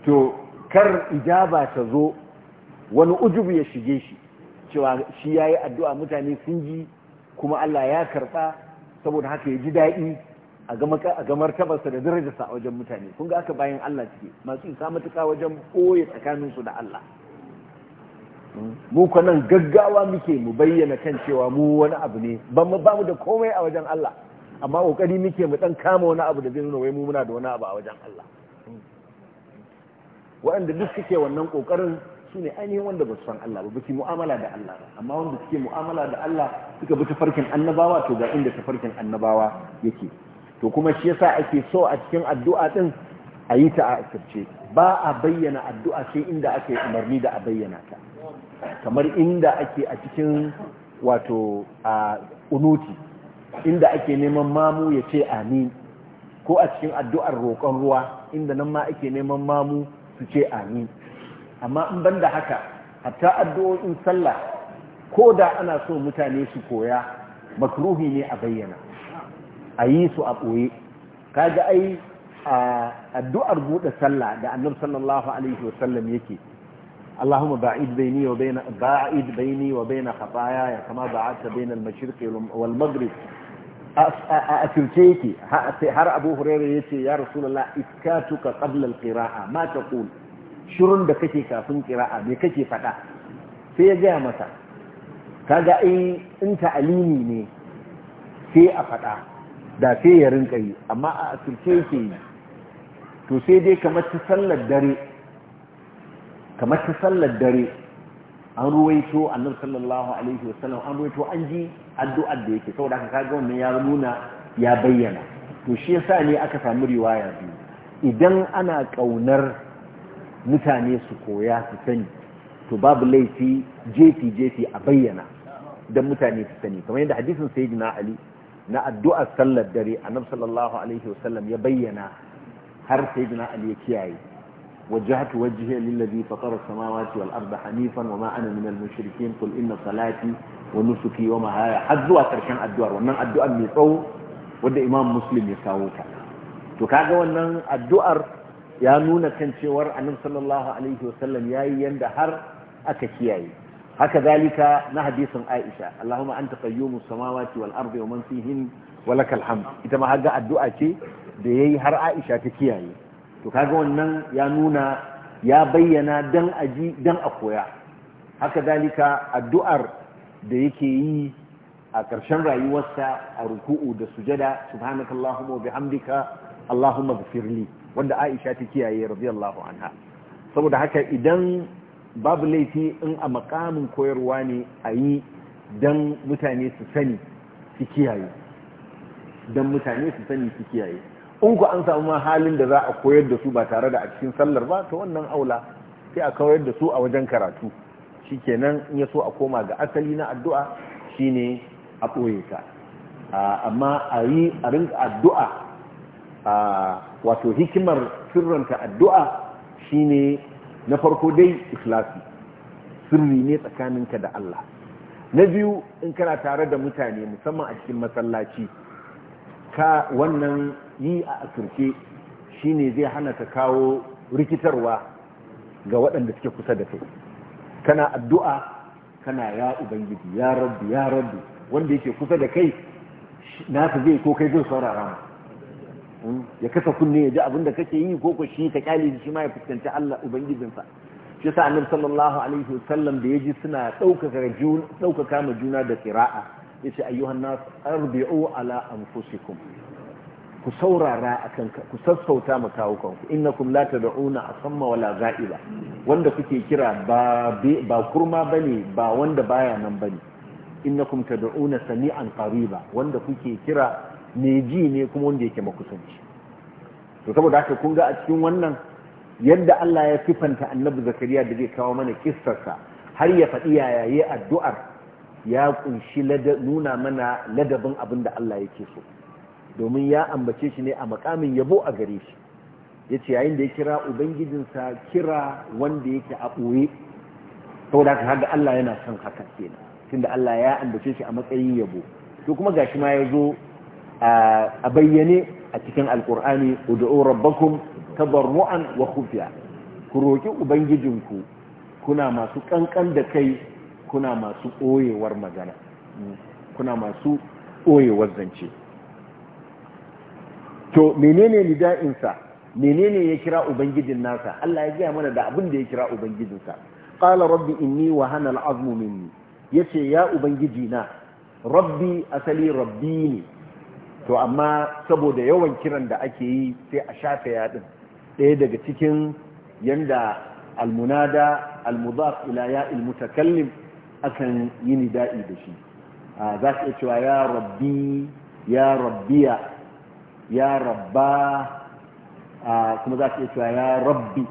to kar ijaba ta zo wani ujubu ya shige shi cewa shi ya yi addu'a mutane sun ji kuma Allah ya karɓa saboda haka ya ji daɗi a ga martabarsa da darajarsa a wajen mutane kun ga aka bayan Allah cike masu isa matuƙa wajen ɓoye tsakaninsu da Allah mu nan gaggawa muke mu bayyana kan cewa mu wani abu ne ban mu bamu da komai a wajen Allah amma kokari muke mu dan kama wani abu da zai nuna wai mu muna da wani abu a wajen Allah waɗanda duk suke wannan kokarin su ne ainihin wanda ba su san Allah ba ba su mu'amala da Allah ba amma wanda suke mu'amala da Allah suka bi tafarkin annabawa to ga inda tafarkin annabawa yake to kuma shi yasa ake so a cikin addu'a din a yi ta a asirce ba a bayyana addu'a sai inda ake umarni da a bayyana ta kamar inda ake a cikin wato a unuti inda ake neman mamu ya ce amin ko a cikin addu'ar roƙon ruwa inda nan ma ake neman mamu su ce amin amma in ban da haka hatta addu'o'in sallah ko da ana so mutane su koya makruhi ne a bayyana a yi su a ɓoye kaga ai a addu'ar buɗe sallah da annabi sallallahu alaihi wasallam yake اللهم بعيد بيني وبين بعيد بيني وبين خطاياي كما بعدت بين المشرق والمغرب أتلتيتي هر أبو هريرة يتي يا رسول الله إتكاتك قبل القراءة ما تقول shirun da kake kafin kira'a me kake faɗa sai ya gaya masa kaga in in ta'alimi ne sai a faɗa da sai ya rinka yi amma a asirce yake yi to sai dai kamar ta sallar dare kamar ta sallar dare an ruwaito annabi sallallahu alaihi wasallam an ruwaito an ji addu'ar da yake saboda haka kaga wannan ya nuna ya bayyana to shi yasa ne aka samu riwaya biyu idan ana kaunar mutane su koya su sani to babu laifi jefi jefi a bayyana don mutane su sani kamar yadda hadisin sayyidina ali na addu'ar sallar dare annabi sallallahu alaihi wasallam ya bayyana har sayyidina ali ya kiyaye وجهت وجهي للذي فطر السماوات والأرض حنيفا وما أنا من المشركين قل إن صلاتي ونسكي ومهاي حدوا تركن الدوار wannan addu'ar mai tsawo wadda Imam Muslim ya kawo ta to kaga wannan addu'ar ya nuna kan cewar annabi sallallahu alaihi wasallam yayi yanda har aka kiyaye haka zalika na hadisin Aisha Allahumma anta qayyumus samawati wal ardi wa man fihin wa hamd ita ma haga addu'a ce da yayi har Aisha ta kiyaye to kaga wannan ya nuna ya bayyana dan aji dan a koya haka zalika addu'ar da yake yi a ƙarshen rayuwarsa a ruku'u da sujada subhanakallahumma wa bihamdika Allahumma gfirli wanda Aisha ta kiyaye radiyallahu anha saboda haka idan babu laifi in a makamin koyarwa ne a yi don mutane su sani su kiyaye don mutane su sani su kiyaye in ku an samu ma halin da za a koyar da su ba tare da a cikin sallar ba ta wannan aula sai a koyar da su a wajen karatu shikenan in ya so a koma ga asali na addu'a shine a ɓoye ka amma a yi a rinka addu'a wato hikimar sirranta addu'a shi ne na farko dai islasi sirri ne tsakaninka da Allah na biyu in kana tare da mutane musamman a cikin masallaci ka wannan yi a asirce ne zai hana ka kawo rikitarwa ga waɗanda suke kusa da kai kana addu'a kana ya ubangiji ya rabu ya rabu wanda yake kusa da kai nasa zai ko kai zai saurara mu ya kasa kunne ya ji abin da kake yi ko ko shi ka kyale shi ma ya fuskanci Allah sa shi yasa annabi sallallahu alaihi wasallam da yaji suna daukaka juna daukaka ma juna da qira'a yace ayyuhan nas arbi'u ala anfusikum ku saurara akan ku sassauta ma kawukan ku innakum la tad'una asamma wala za'ila wanda kuke kira ba ba kurma bane ba wanda baya nan bane innakum tad'una sami'an qariba wanda kuke kira mai ji ne kuma wanda yake makusanci to saboda haka kun ga a cikin wannan yadda Allah ya sifanta annabi zakariya da zai kawo mana kissarsa har ya faɗi yayaye addu'ar ya kunshi nuna mana ladabin abin da Allah yake so domin ya ambace shi ne a makamin yabo a gare shi ya ce yayin da ya kira ubangijinsa kira wanda yake a ɓoye saboda haka har da Allah yana son haka kenan tunda Allah ya ambace shi a matsayin yabo to kuma gashi ma ya zo a bayyane a cikin alkur'ani ud'u rabbakum tabarru'an wa khufiya ku roki ubangijinku kuna masu kankan da kai kuna masu ɓoyewar magana kuna masu ɓoyewar zance to menene nida'insa menene ya kira ubangijin nasa Allah ya gaya mana da abin da ya kira ubangijinsa qala rabbi inni wa hana al'azmu minni yace ya ubangiji na rabbi asali rabbi ne to amma saboda yawan kiran da ake yi sai a shafe yaɗin ɗaya daga cikin yanda almunada almudaf ila ya ilmutakallim akan yi nida'i da shi za ka iya cewa ya rabbi ya rabbiya ya rabba kuma za ka iya cewa ya rabbi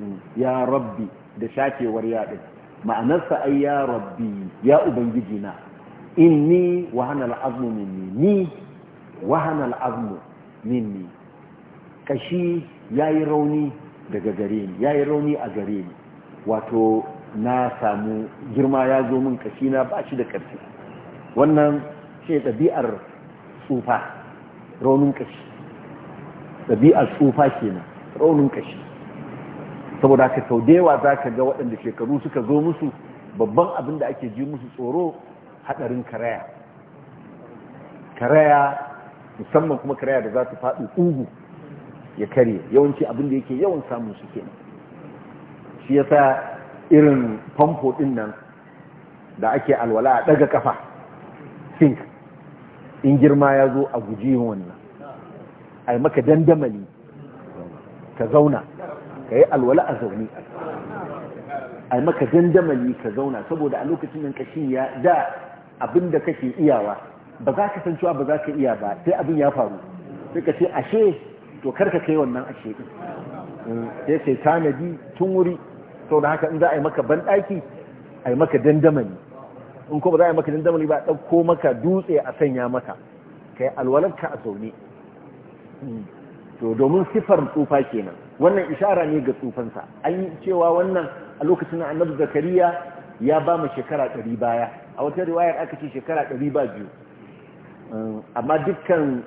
hmm, ya rabbi da shafewar yaɗin ma'anarsa ai ya rabbi ya ubangiji na inni wa hana al'azmu ni wahanal azmu minni kashi yayi rauni daga gare ni yayi rauni a gare ni wato na samu girma ya zo min kashi na ba shi da ƙarfi wannan ce ɗabi'ar tsufa raunin kashi ɗabi'ar tsufa kenan raunin ƙashi saboda ka sau da yawa za ka ga waɗanda shekaru suka zo musu babban abin da ake ji musu tsoro haɗarin karaya karaya musamman kuma karaya da za ta faɗi ugu ya kare yawanci abin da yake yawan samun shi kenan shi yasa irin famfo din nan da ake alwala a ɗaga kafa sink in girma ya zo a guji yin wannan ai maka dandamali ka zauna ka yi alwala a zaune ai maka dandamali ka zauna saboda a lokacin nan kashi ya da abin da kake iyawa ba za ka san cewa ba za ka iya ba sai abin ya faru sai ka ce ashe to karka kai wannan ashe din mm, sai sai tanadi tun wuri sau da haka in za a yi maka banɗaki a yi maka dandamani in ko ba za a yi maka dandamani ba ɗauko maka dutse a sanya maka kai alwalanka a zaune mm, to domin sifar tsufa kenan wannan ishara ne ga tsufansa an yi cewa wannan a lokacin annabi zakariya ya ba mu shekara ɗari baya a wata riwayar aka ce shekara ɗari ba biyu amma dukkan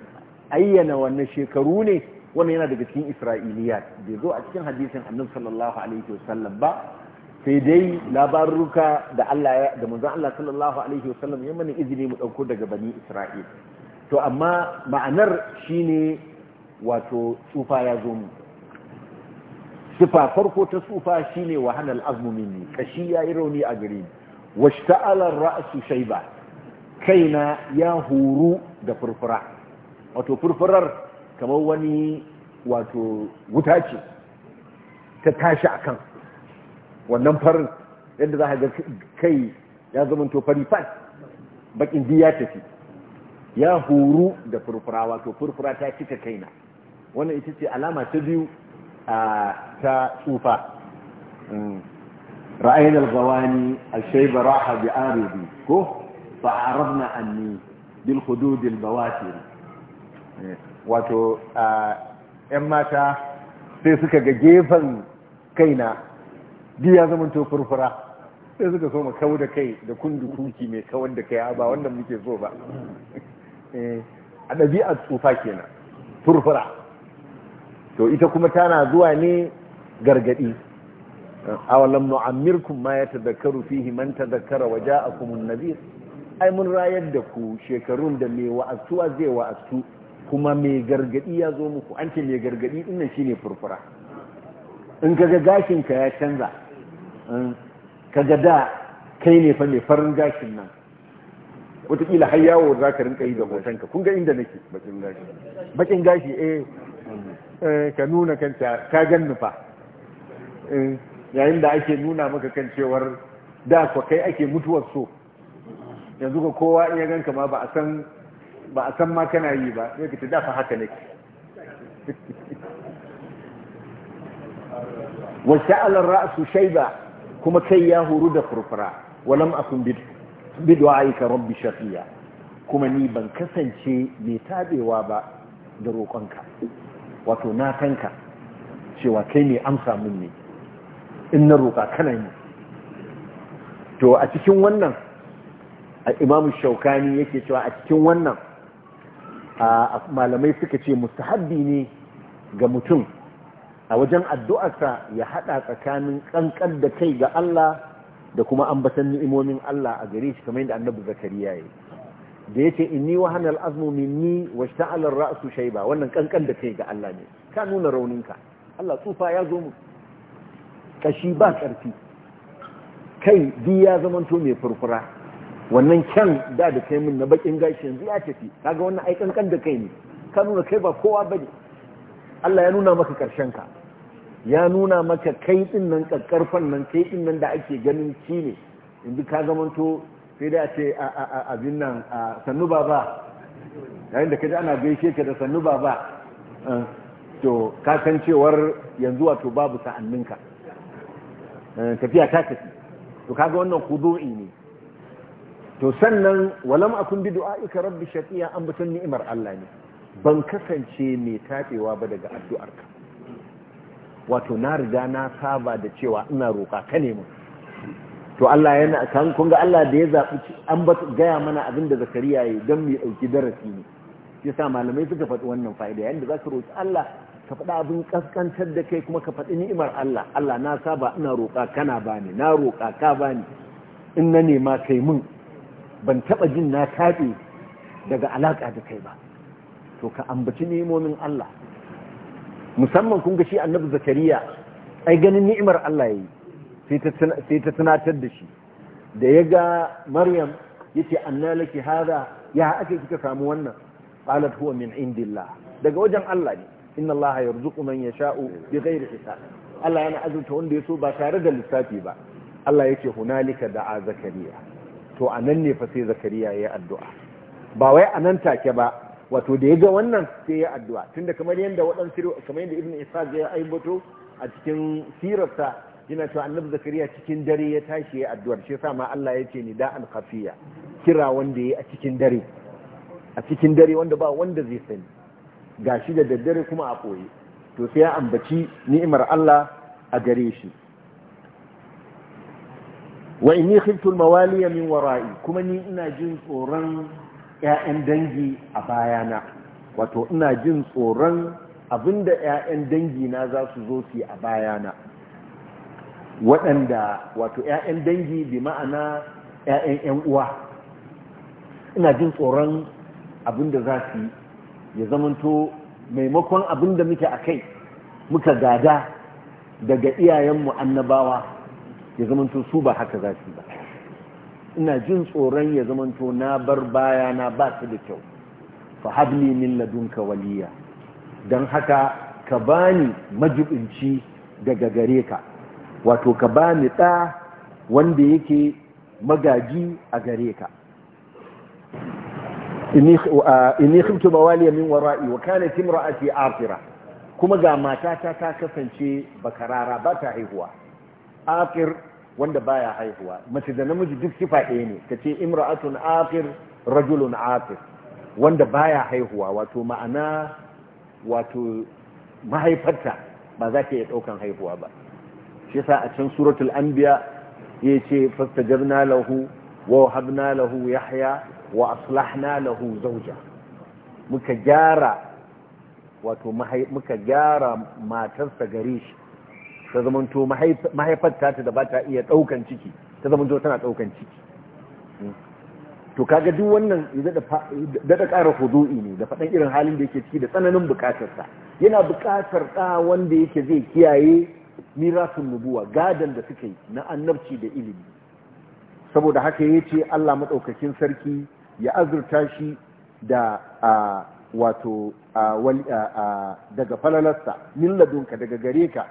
ayyana wannan shekaru ne wannan yana daga cikin israiliya bai zo a cikin hadisin annabi sallallahu alaihi wasallam ba sai dai labaruka da Allah ya da manzon Allah sallallahu alaihi wasallam ya mana izini mu dauko daga bani isra'il to amma ma'anar shine wato tsufa ya zo mu sifa farko ta tsufa shine wahanal azmu minni kashi yayi rauni a gare ni washta'ala ra'su shayba kaina ya huru da furfura wato furfurar kamar wani wato wuta ce ta tashi a kan wannan farin yadda za a ga kai ya zamanto fari fat bakin ji ya tafi ya huru da furfura wato furfura ta cika kaina wannan ita ce alama ta biyu ta tsufa hmm. ra'ayin algawani alshaiba raha bi arabi ko فعرضنا عني بالخدود البواتر wato ‘yan mata sai suka ga gefen kaina duk ya zama to furfura sai suka so kawo da kai da kundu kuki mai kawar da kai ba wanda muke so ba eh, a ɗabi'a tsufa kenan furfura to ita kuma tana zuwa ne gargaɗi awalam nu'ammirkum ma yatadhakkaru fihi zakara tadhakkara wa ja'akumun nadhir ai mun rayar da ku shekarun da mai wa'astuwa zai wa'astu kuma mai gargadi ya zo muku an ce mai gargadi shi shine furfura in ga gashin ka ya canza eh, ka ga da kai ne fa mai farin gashin nan wataƙila har yawo za ka rinka yi da hotonka kun ga inda nake bakin gashi bakin gashi eh. eh ka nuna kanta ka gan nufa eh, yayin da ake nuna maka kan cewar da kwa kai ake mutuwar so yanzu ga kowa in ya ganka ma ba a san ba ma kana yi ba sai ka ce dafa haka ne wa sha'ala ra'su shayba kuma kai ya huru da furfura walam akun bid bid'aika rabbi shafiya kuma ni ban kasance mai tabewa ba da roƙonka wato na tanka cewa kai ne amsa mun ne in na roƙa kana ni to a cikin wannan imam shaukani yake cewa a cikin wannan malamai suka ce mustahabbi ne ga mutum a wajen addu'arsa ya haɗa tsakanin ƙanƙan da kai ga Allah da kuma an ambatan ni'imomin Allah a gare shi kamar yadda annabi zakariya yayi da yace inni wa hanal azmu minni washta'ala ar-ra'su shayba wannan kankan da kai ga Allah ne ka nuna rauninka Allah tsufa ya zo mu kashi ba karfi kai bi ya zamanto mai furfura wannan kyan da da kai min na bakin gashi yanzu ya tafi kaga wannan ai kankan da kai ne ka nuna kai ba kowa bane Allah ya nuna maka karshen ka ya nuna maka kai din nan kakkarfan nan kai din nan da ake ganin ki ne yanzu ka to sai da ce abin nan sannu baba yayin da kaje ana gaishe ka da sannu baba to ka san cewar yanzu wato babu sa'annin ka tafiya ta tafi to kaga wannan kudu'i ne to sannan walam akun bi du'a'ika rabbi shaqiya an batun ni'imar Allah ne ban kasance mai tabewa ba daga addu'arka wato na riga na saba da cewa ina roƙa ka ne mun to Allah yana kan kun ga Allah da ya zabi an ba gaya mana abin da Zakariya yayi dan mai dauki darasi ne yasa malamai suka faɗi wannan fa'ida yanda za ka roƙi Allah ka faɗa abin kaskantar da kai kuma ka faɗi ni'imar Allah Allah na saba ina roƙa kana bani na roƙa ka bani in na nema kai mun ban taɓa jin na taɓe daga alaƙa da kai ba to ka ambaci nemomin Allah musamman kun ga shi annabi zakariya ai ganin ni'imar Allah yayi sai ta tunatar da shi da ya ga maryam yace anna laki hada ya ake kika samu wannan qalat huwa min indillah daga wajen Allah ne inna Allah yarzuqu man yasha'u bighairi hisab Allah yana azurta wanda yaso ba tare da lissafi ba Allah yace hunalika da'a zakariya to a nan ne fa sai zakariya ya yi addu'a ba wai a nan take ba wato da ya ga wannan sai ya addu'a tunda kamar yadda waɗansu kamar yadda ibn ishaq ya aibato a cikin sirarsa yana cewa annabi zakariya cikin dare ya tashi ya addu'ar shi yasa ma Allah ya ce ni da an khafiya kira wanda yayi a cikin dare a cikin dare wanda ba wanda zai sani Ga shi da daddare kuma a koyi to sai ya ambaci ni'imar Allah a gare shi wa inni khiftu al-mawaliya min wara'i kuma ni ina jin tsoron ƴaƴan dangi a bayana wato ina jin tsoron abinda ƴaƴan dangi na za su zo su a bayana waɗanda wato ƴaƴan dangi bi ma'ana ƴaƴan ƴan uwa ina jin tsoron abinda za su yi ya zamanto maimakon abinda muke a kai muka gada daga iyayenmu annabawa ya zamanto su ba haka za su ba ina jin tsoron ya zamanto na bar baya na ba su da kyau fa habli min ladunka waliya dan haka ka bani majibinci daga gare ka wato ka bani ɗa wanda yake magaji a gare ka inni uh, khiftu mawaliya min wara'i wa kanat imra'ati afira kuma ga matata ta kasance bakarara ba ta haihuwa afir wanda baya haihuwa mace da namiji duk sifa ɗaya ne ta ce imra'atun afir rajulun afir wanda baya haihuwa wato ma'ana wato mahaifarta ba za ta iya ɗaukan haihuwa ba shi yasa a can suratul anbiya ya ce fastajabna lahu wa wahabna lahu yahya wa aslahna lahu zauja muka gyara wato muka gyara matarsa gare shi ta to mahaifar ta da ba ta iya daukan ciki ta to tana daukan ciki hmm. to kaga duk wannan da da ƙara hudu'i ne da faɗan irin halin da yake ciki da tsananin buƙatarsa yana buƙatar ɗa wanda yake zai kiyaye mirasun nubuwa gadon da suka yi na annabci da ilimi saboda haka ya ce Allah maɗaukakin sarki ya azurta shi da wato daga falalarsa ladunka daga gare ka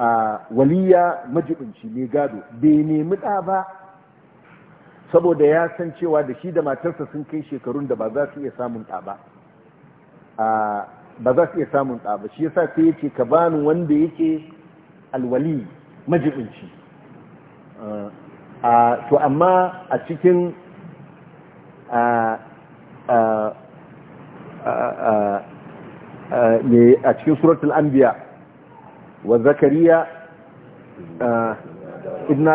a waliya majibinci mai gado bai nemi ɗa ba saboda ya san cewa da shi da matarsa sun kai shekarun da ba za su iya samun ɗa ba ba za su iya samun ɗa ba shi yasa sai yake ka bani wanda yake alwali majibinci to amma a cikin a cikin suratul anbiya wa zakariya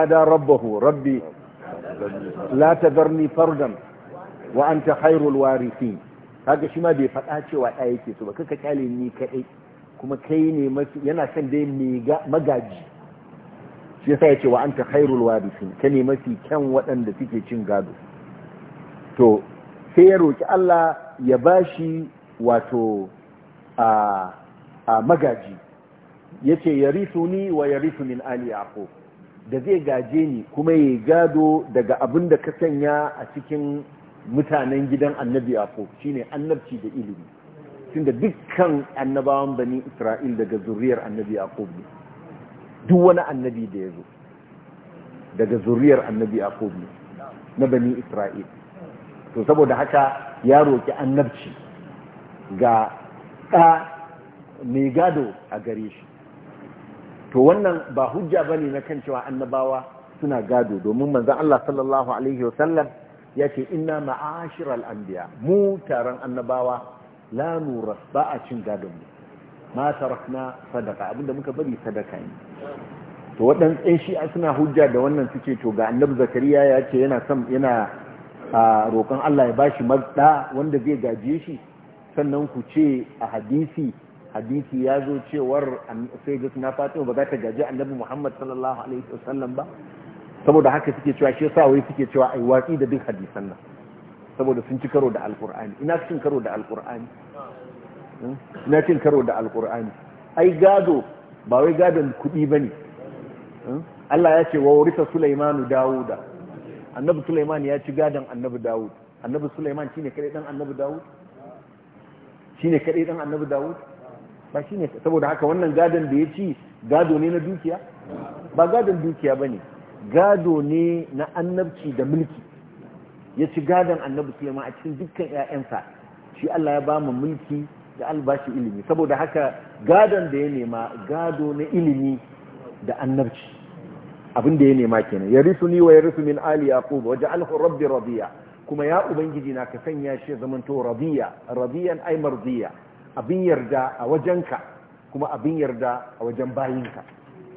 da rabbahu rabbi la zarni fardan wa anta khairul warithin kaga shi ma bai faɗa cewa ɗaya yake so ba kaka kyale ni kaɗai kuma kai ne yana son dai magaji shi yasa ya ce wa anta khairul warithin ka ne mafi kyan waɗanda suke cin gado to sai ya roki Allah ya ba shi wato a magaji yace ni wa yarisu min ali yaqub da zai gaje ni kuma ya gado daga abin da ka sanya a cikin mutanen gidan annabi yaqub shine annabci da ilimi tunda dukkan annabawan bani isra'il daga zuriyar annabi yaqub ne duk wani annabi da ya zo daga zuriyar annabi yaqub ne na bani isra'il to saboda haka ya roki annabci ga ɗa mai gado a gare shi to wannan ba hujja bane na kan cewa annabawa suna gado domin manzon Allah sallallahu alaihi wasallam ya ce inna ma'ashiral anbiya mu taron annabawa la nuras ba a cin gadon mu ma tarakna sadaka abinda muka bari sadaka ne to waɗansu ɗan shi'a suna hujja da wannan suke to ga annabi zakariya ya ce yana son yana roƙon Allah ya bashi mazda wanda zai gaje shi sannan ku ce a hadisi hadisi ya zo cewar sai da suna fatima ba za ta gaji annabi muhammad sallallahu alaihi wasallam ba saboda haka suke cewa shi yasa wai suke cewa ai watsi da duk hadisan nan saboda sun ci karo da alqur'ani ina cin karo da alqur'ani hmm? ina cin karo da alqur'ani ai gado ba wai gadon kuɗi bane hmm? Allah ya ce wa warisa Sulaimanu Dawuda annabi Sulaiman ya ci gadon annabi Dawud annabi Sulaiman shine kadai dan annabi Dawud shine kadai dan annabi Dawud ba shi ne saboda haka wannan gadon da ya ci gado ne na dukiya ba gadon dukiya ba ne gado ne na annabci da mulki ya ci gadon annabi ma a cikin dukkan 'ya'yansa shi allah ya ba mu mulki da albashi ilimi saboda haka gadon da ya nema gado na ilimi da annabci abin da ya nema kenan ya risu ni wa ya risu min ali yaqub wajen ja'alhu rabbi rabiya kuma ya ubangiji na ka sanya shi zamanto rabiya rabiyan ai marziya abin yarda a wajenka kuma abin yarda a wajen bayinka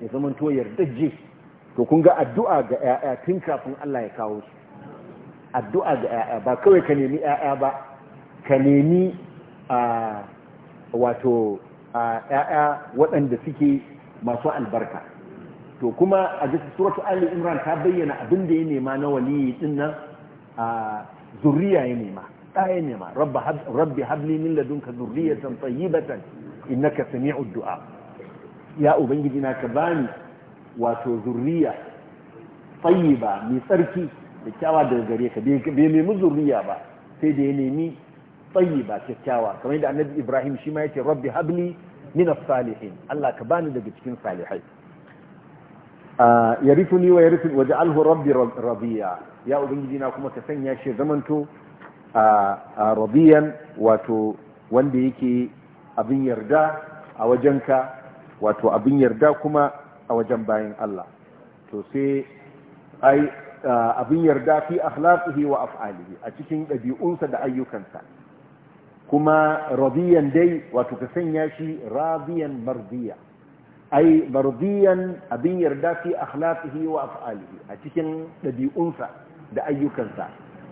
ya zama to je to kun ga addu'a ga 'ya'ya tun kafin Allah ya kawo su addu'a ga 'ya'ya ba kawai ka nemi 'ya'ya ba ka nemi a wato ƴaƴa waɗanda suke masu albarka to kuma a jikin suratu ali imran ta bayyana abin da ya nema na waliyi din nan a zuriya ya nema ɗaya ne ma rabbi habli min ladunka zurriyatan tayyibatan innaka sami'ud du'a ya ubangiji na ka bani wato zurriya tayyiba mai tsarki da kyawa daga gare ka bai nemi zurriya ba sai da ya nemi tayyiba kyakkyawa kamar yadda annabi Ibrahim shi ma yace rabbi habli min as-salihin Allah ka bani daga cikin salihai yarithuni wa yarithun waj'alhu rabbi radiya ya ubangiji na kuma ka sanya shi zamanto a rabiyan wato wanda yake abin yarda a wajenka wato abin yarda kuma a wajen bayan Allah to sai ai abin yarda fi akhlaqihi wa af'alihi a cikin ɗabi'unsa da ayyukansa kuma rabiyan dai wato ka sanya shi rabiyan mardiya ai mardiyan abin yarda fi akhlaqihi wa af'alihi a cikin ɗabi'unsa da ayyukansa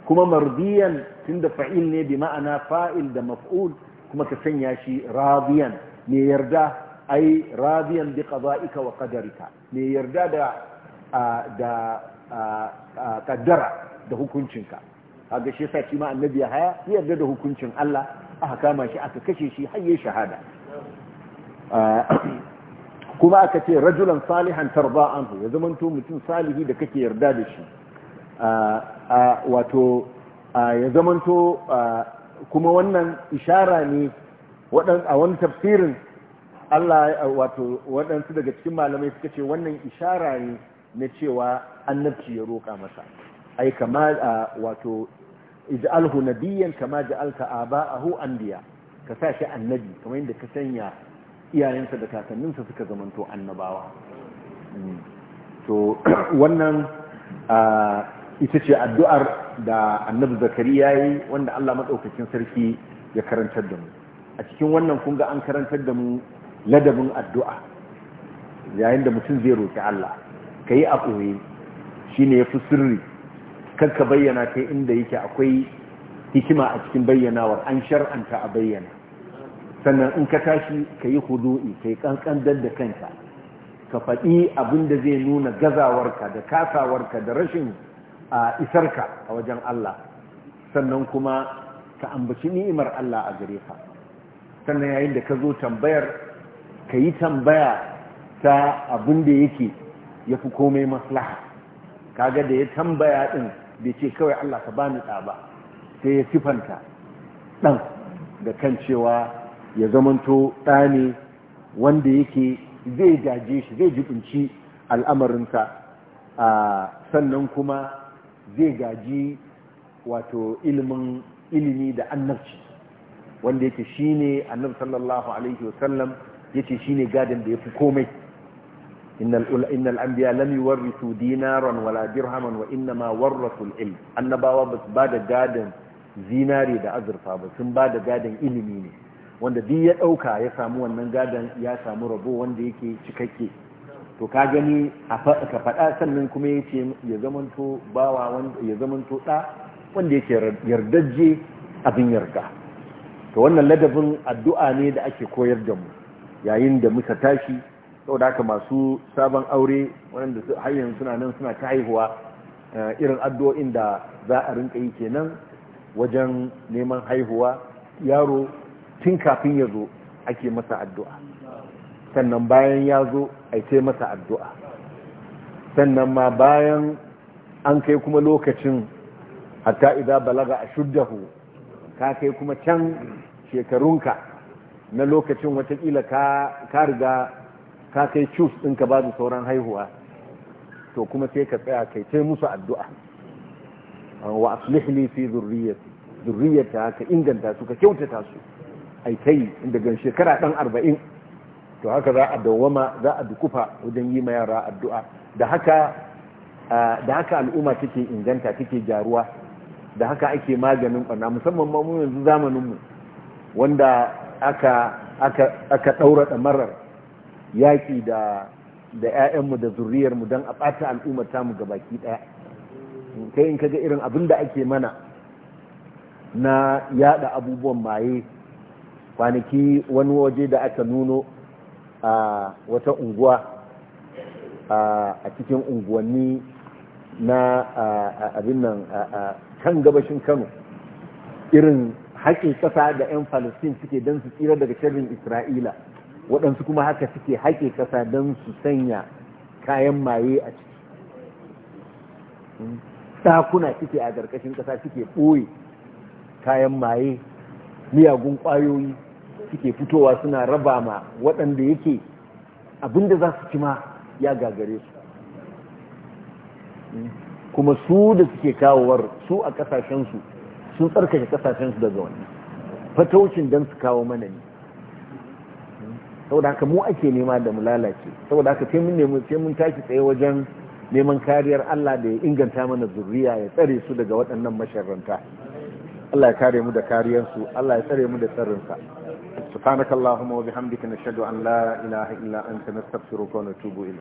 kuma mardiyan tunda fa'il ne bi ma'ana fa'il da maf'ul kuma ka sanya shi radiyan ne yarda ai radiyan bi qada'ika wa qadarika ne yarda da da kaddara da hukuncinka kaga shi yasa shi ma annabi ya haya yarda da hukuncin Allah aka kama shi aka kashe shi har yayin shahada kuma aka ce rajulan salihan tarda anhu ya zamanto mutum salihi da kake yarda da shi wato ya zamanto kuma wannan ishara ne a wani tafsirin Allah wato waɗansu daga cikin malamai suka ce wannan ishara ne na cewa annabci ya roƙa masa ai kama wato ij'alhu nabiyyan kama ja'alta aba'ahu anbiya ka sa shi annabi kamar yadda ka sanya iyayensa da kakanninsa suka zamanto annabawa hmm. to wannan ita ce addu'ar da annabu annabi ya yi wanda Allah maɗaukakin sarki ya karantar da mu a cikin wannan kun ga an karantar da mu ladabin addu'a yayin da mutum zai roƙi Allah ka yi a shi ne ya fi sirri kanka bayyana ta inda yake akwai hikima a cikin bayyanawar an shar'anta a bayyana sannan in ka tashi ka yi hudu'i ka yi ƙanƙandar da kanka ka faɗi abin da zai nuna gazawarka da kasawarka da rashin a isarka a wajen Allah sannan kuma ka ambaci ni'imar Allah a gare ka sannan yayin da ka zo tambayar ka yi tambaya ta abin da yake ya fi komai maslaha kaga da ya tambaya ɗin da ce kawai Allah ka bani ɗa ba sai ya sifanta ɗan da kan cewa ya zamanto ɗa ne wanda yake zai gaje shi zai jibinci al'amarinsa sannan kuma zai gaji wato ilimin ilimi da annabci wanda yake shine annabi sallallahu alaihi wasallam yace shine gadin da ya fi komai innal anbiya lam yuwarrisu dinaran wala dirhaman wa innama warrasul ilm annabawa ba su bada gadin zinare da azurfa ba sun bada gadin ilimi ne wanda duk ya dauka ya samu wannan gadin ya samu rabo wanda yake cikakke to ka gani ka faɗa sannan kuma ya ce ya zamanto bawa wanda ya zamanto ɗa wanda yake yardajje abin yarda to wannan ladabin addu'a ne da ake koyar da mu yayin da muka tashi saboda haka masu sabon aure wanda har suna nan suna ta haihuwa eh, irin addu'o'in da za a rinka yi kenan wajen neman haihuwa yaro tun kafin ya zo ake masa addu'a sannan bayan ya zo a yi masa addu'a sannan ma bayan an kai kuma lokacin hatta idan balaga a shuddahu ka kai kuma can shekarunka na lokacin watakila ka riga ka kai cus ɗinka babu sauran haihuwa to kuma sai ka tsaya kai sai musu addu'a wa aslih fi zurriyata ka inganta su ka kyautata su ai kai daga shekara ɗan arba'in to haka za a dawwama za a dukufa wajen yi ma yara addu'a da haka da haka al'umma take inganta take jaruwa da haka ake maganin barna musamman ma mu yanzu zamanin mu wanda aka aka aka daura marar yaki da da ƴaƴanmu da zuriyar mu dan a ɓata al'ummar ga baki ɗaya kai in kaga irin abin da ake mana na yada abubuwan maye kwanaki wani waje da aka nuno a wata unguwa a cikin unguwanni na abin nan kan gabashin kano irin haƙin ƙasa da 'yan falastin suke don su tsira daga shirin isra'ila waɗansu kuma haka suke haƙe ƙasa don su sanya kayan maye a ciki ɗakuna suke a ƙarƙashin ƙasa suke ɓoye kayan maye miyagun ƙwayoyi suke fitowa suna raba ma waɗanda yake abinda za su ci ma ya gagare su kuma su da suke kawowar su a kasashensu sun tsarkake kasashensu daga wani fataucin don su kawo mana ne saboda haka mu ake nema da mu lalace saboda haka sai mun nemi sai mun tashi tsaye wajen neman kariyar Allah da ya inganta mana zurriya ya tsare su daga waɗannan masharranta Allah ya kare mu da kariyarsu Allah ya tsare mu da tsarinsa سبحانك اللهم وبحمدك نشهد أن لا إله إلا أنت نستغفرك ونتوب إليك